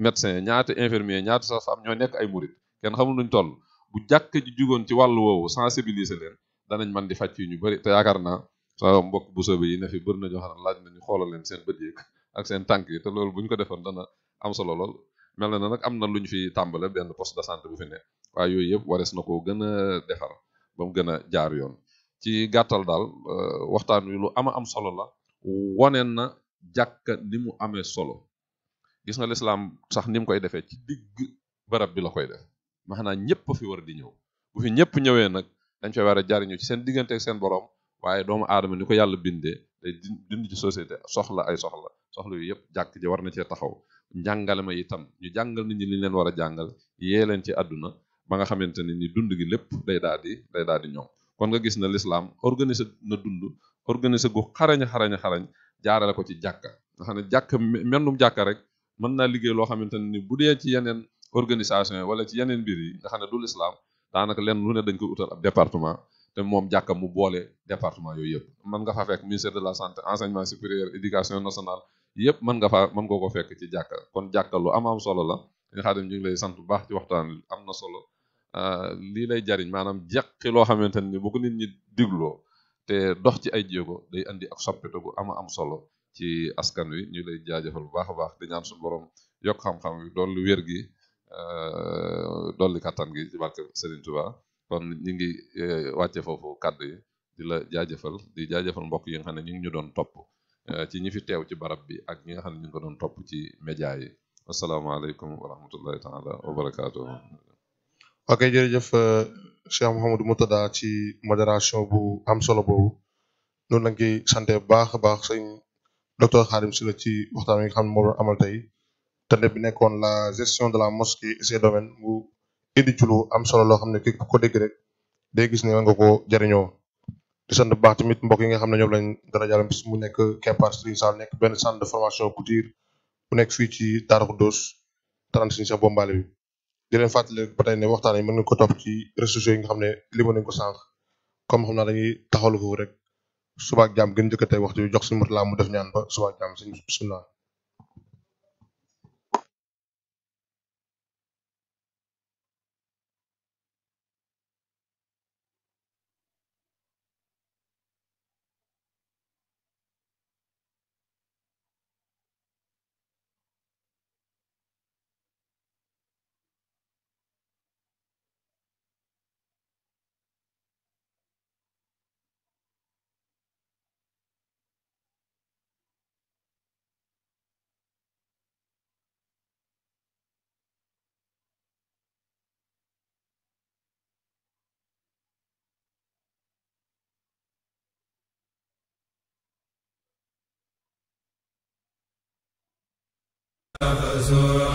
médecin ñaata infirmier ñaata sage am ñoo nekk ay murit kenn xamul nuñ toll bu jàkk ji jugoon ci wàllu woowu sensibiliser leen danañ man di faj fii ñu bëri te yaakaar na sa mbokk bu soobee yi ne fi bëri na ñoo xam ne laaj nañu xoolal leen seen bët yi ak seen tànk yi te loolu bu ko defoon dana am solo lool mel na nag am na lu ñu fi tàmbale benn poste de santé bu fi ne yooyu yëpp warees na koo gën a defar ba mu gën a jaar yoon ci gàttal daal euh, waxtaan wi lu ama am solo la waneen na jàkka ni mu amee solo gis na lislaam sax ni mu koy defee ci digg barab bi la koy def maanaam ñëpp fi war di ñëw bu fi ñëpp ñëwee nag dañ fay war a jariñu ci seen diggante ak seen borom waaye doomu aadama ni ko yàlla bindee day dund ci société soxla ay soxla soxla yu yëpp jàkk ji war na cee taxaw njàngale itam ñu jàngal nit ñi li leen war a jàngal yee leen ci àdduna ba nga xamante ne ni dund gi lépp day daal di day daal di ñoom kon nga gis na lislaam organiser na dund organiser gu xarañ xarañ jaarale ko ci jàkka nga xam ne jàkka mennum rek mën naa liggéey loo xamante ne ni bu dee ci yeneen organisation yi wala ci yeneen mbir yi nga xam ne du lislaam daanaka lenn lu ne dañ ko utal ab département te moom jàkka mu boole département yooyu yëpp mën nga fa fekk ministère de la santé enseignement supérieur éducation nationale yëpp mën nga faa mën nga ko fekk ci jàkka kon jàkka lu am am solo la nga xam ne ñu ngi lay bu baax ci waxtaan am na solo euh, lii lay jariñ maanaam jeqi loo xamante ne ni bu nit ñi digloo te dox ci ay jéego day andi ak soppite bu ama am solo ci askan wi ñu lay jaajëfal bu baax a baax di ñaan suñu borom yokk xam-xam wi dolli wér gi euh, dolli kattan gi ci barke Serigne Touba kon ñu ngi euh, wàcce foofu kàddu yi di la jaajëfal di jaajëfal mbokk yi nga xam ne ñu ngi ñu doon topp euh, ci ñi fi teew ci barab bi ak ñi nga xam ne ñu ngi ko doon topp ci média yi asalaamaaleykum wa rahmatullahi taala wa barakaatuh ok jërëjëf Cheikh Mouhamadou Moutada ci modération bu am solo boobu noonu la ngi sante bu baax a baax sëñ docteur Khadim Sylla ci waxtaan wi xam ne moo doon amal tey bi nekkoon la gestion de la mosquée et ses domaines mu indi ci am solo loo xam ne képp ko dégg rek day gis ne war nga ko jariñoo di sant bu baax tamit yi nga xam ne ñoom lañ dara jàllam mu nekk Kepaar Serigne Sall nekk benn centre de formation couture bu nekk fii ci Darou Khoudoss 30 Serigne Cheikh Bombalé bi di leen fàttali ba tey ne waxtaan yi mën nga ko top ci réseaux yi nga xam ne limoon nañ ko sànq comme xam naa dañuy taxawlu foofu rek suba ak jàmm gën njëkk tey waxtu yu jox suñu mot laa mu def ñaan ba suba ak jàmm suñu zo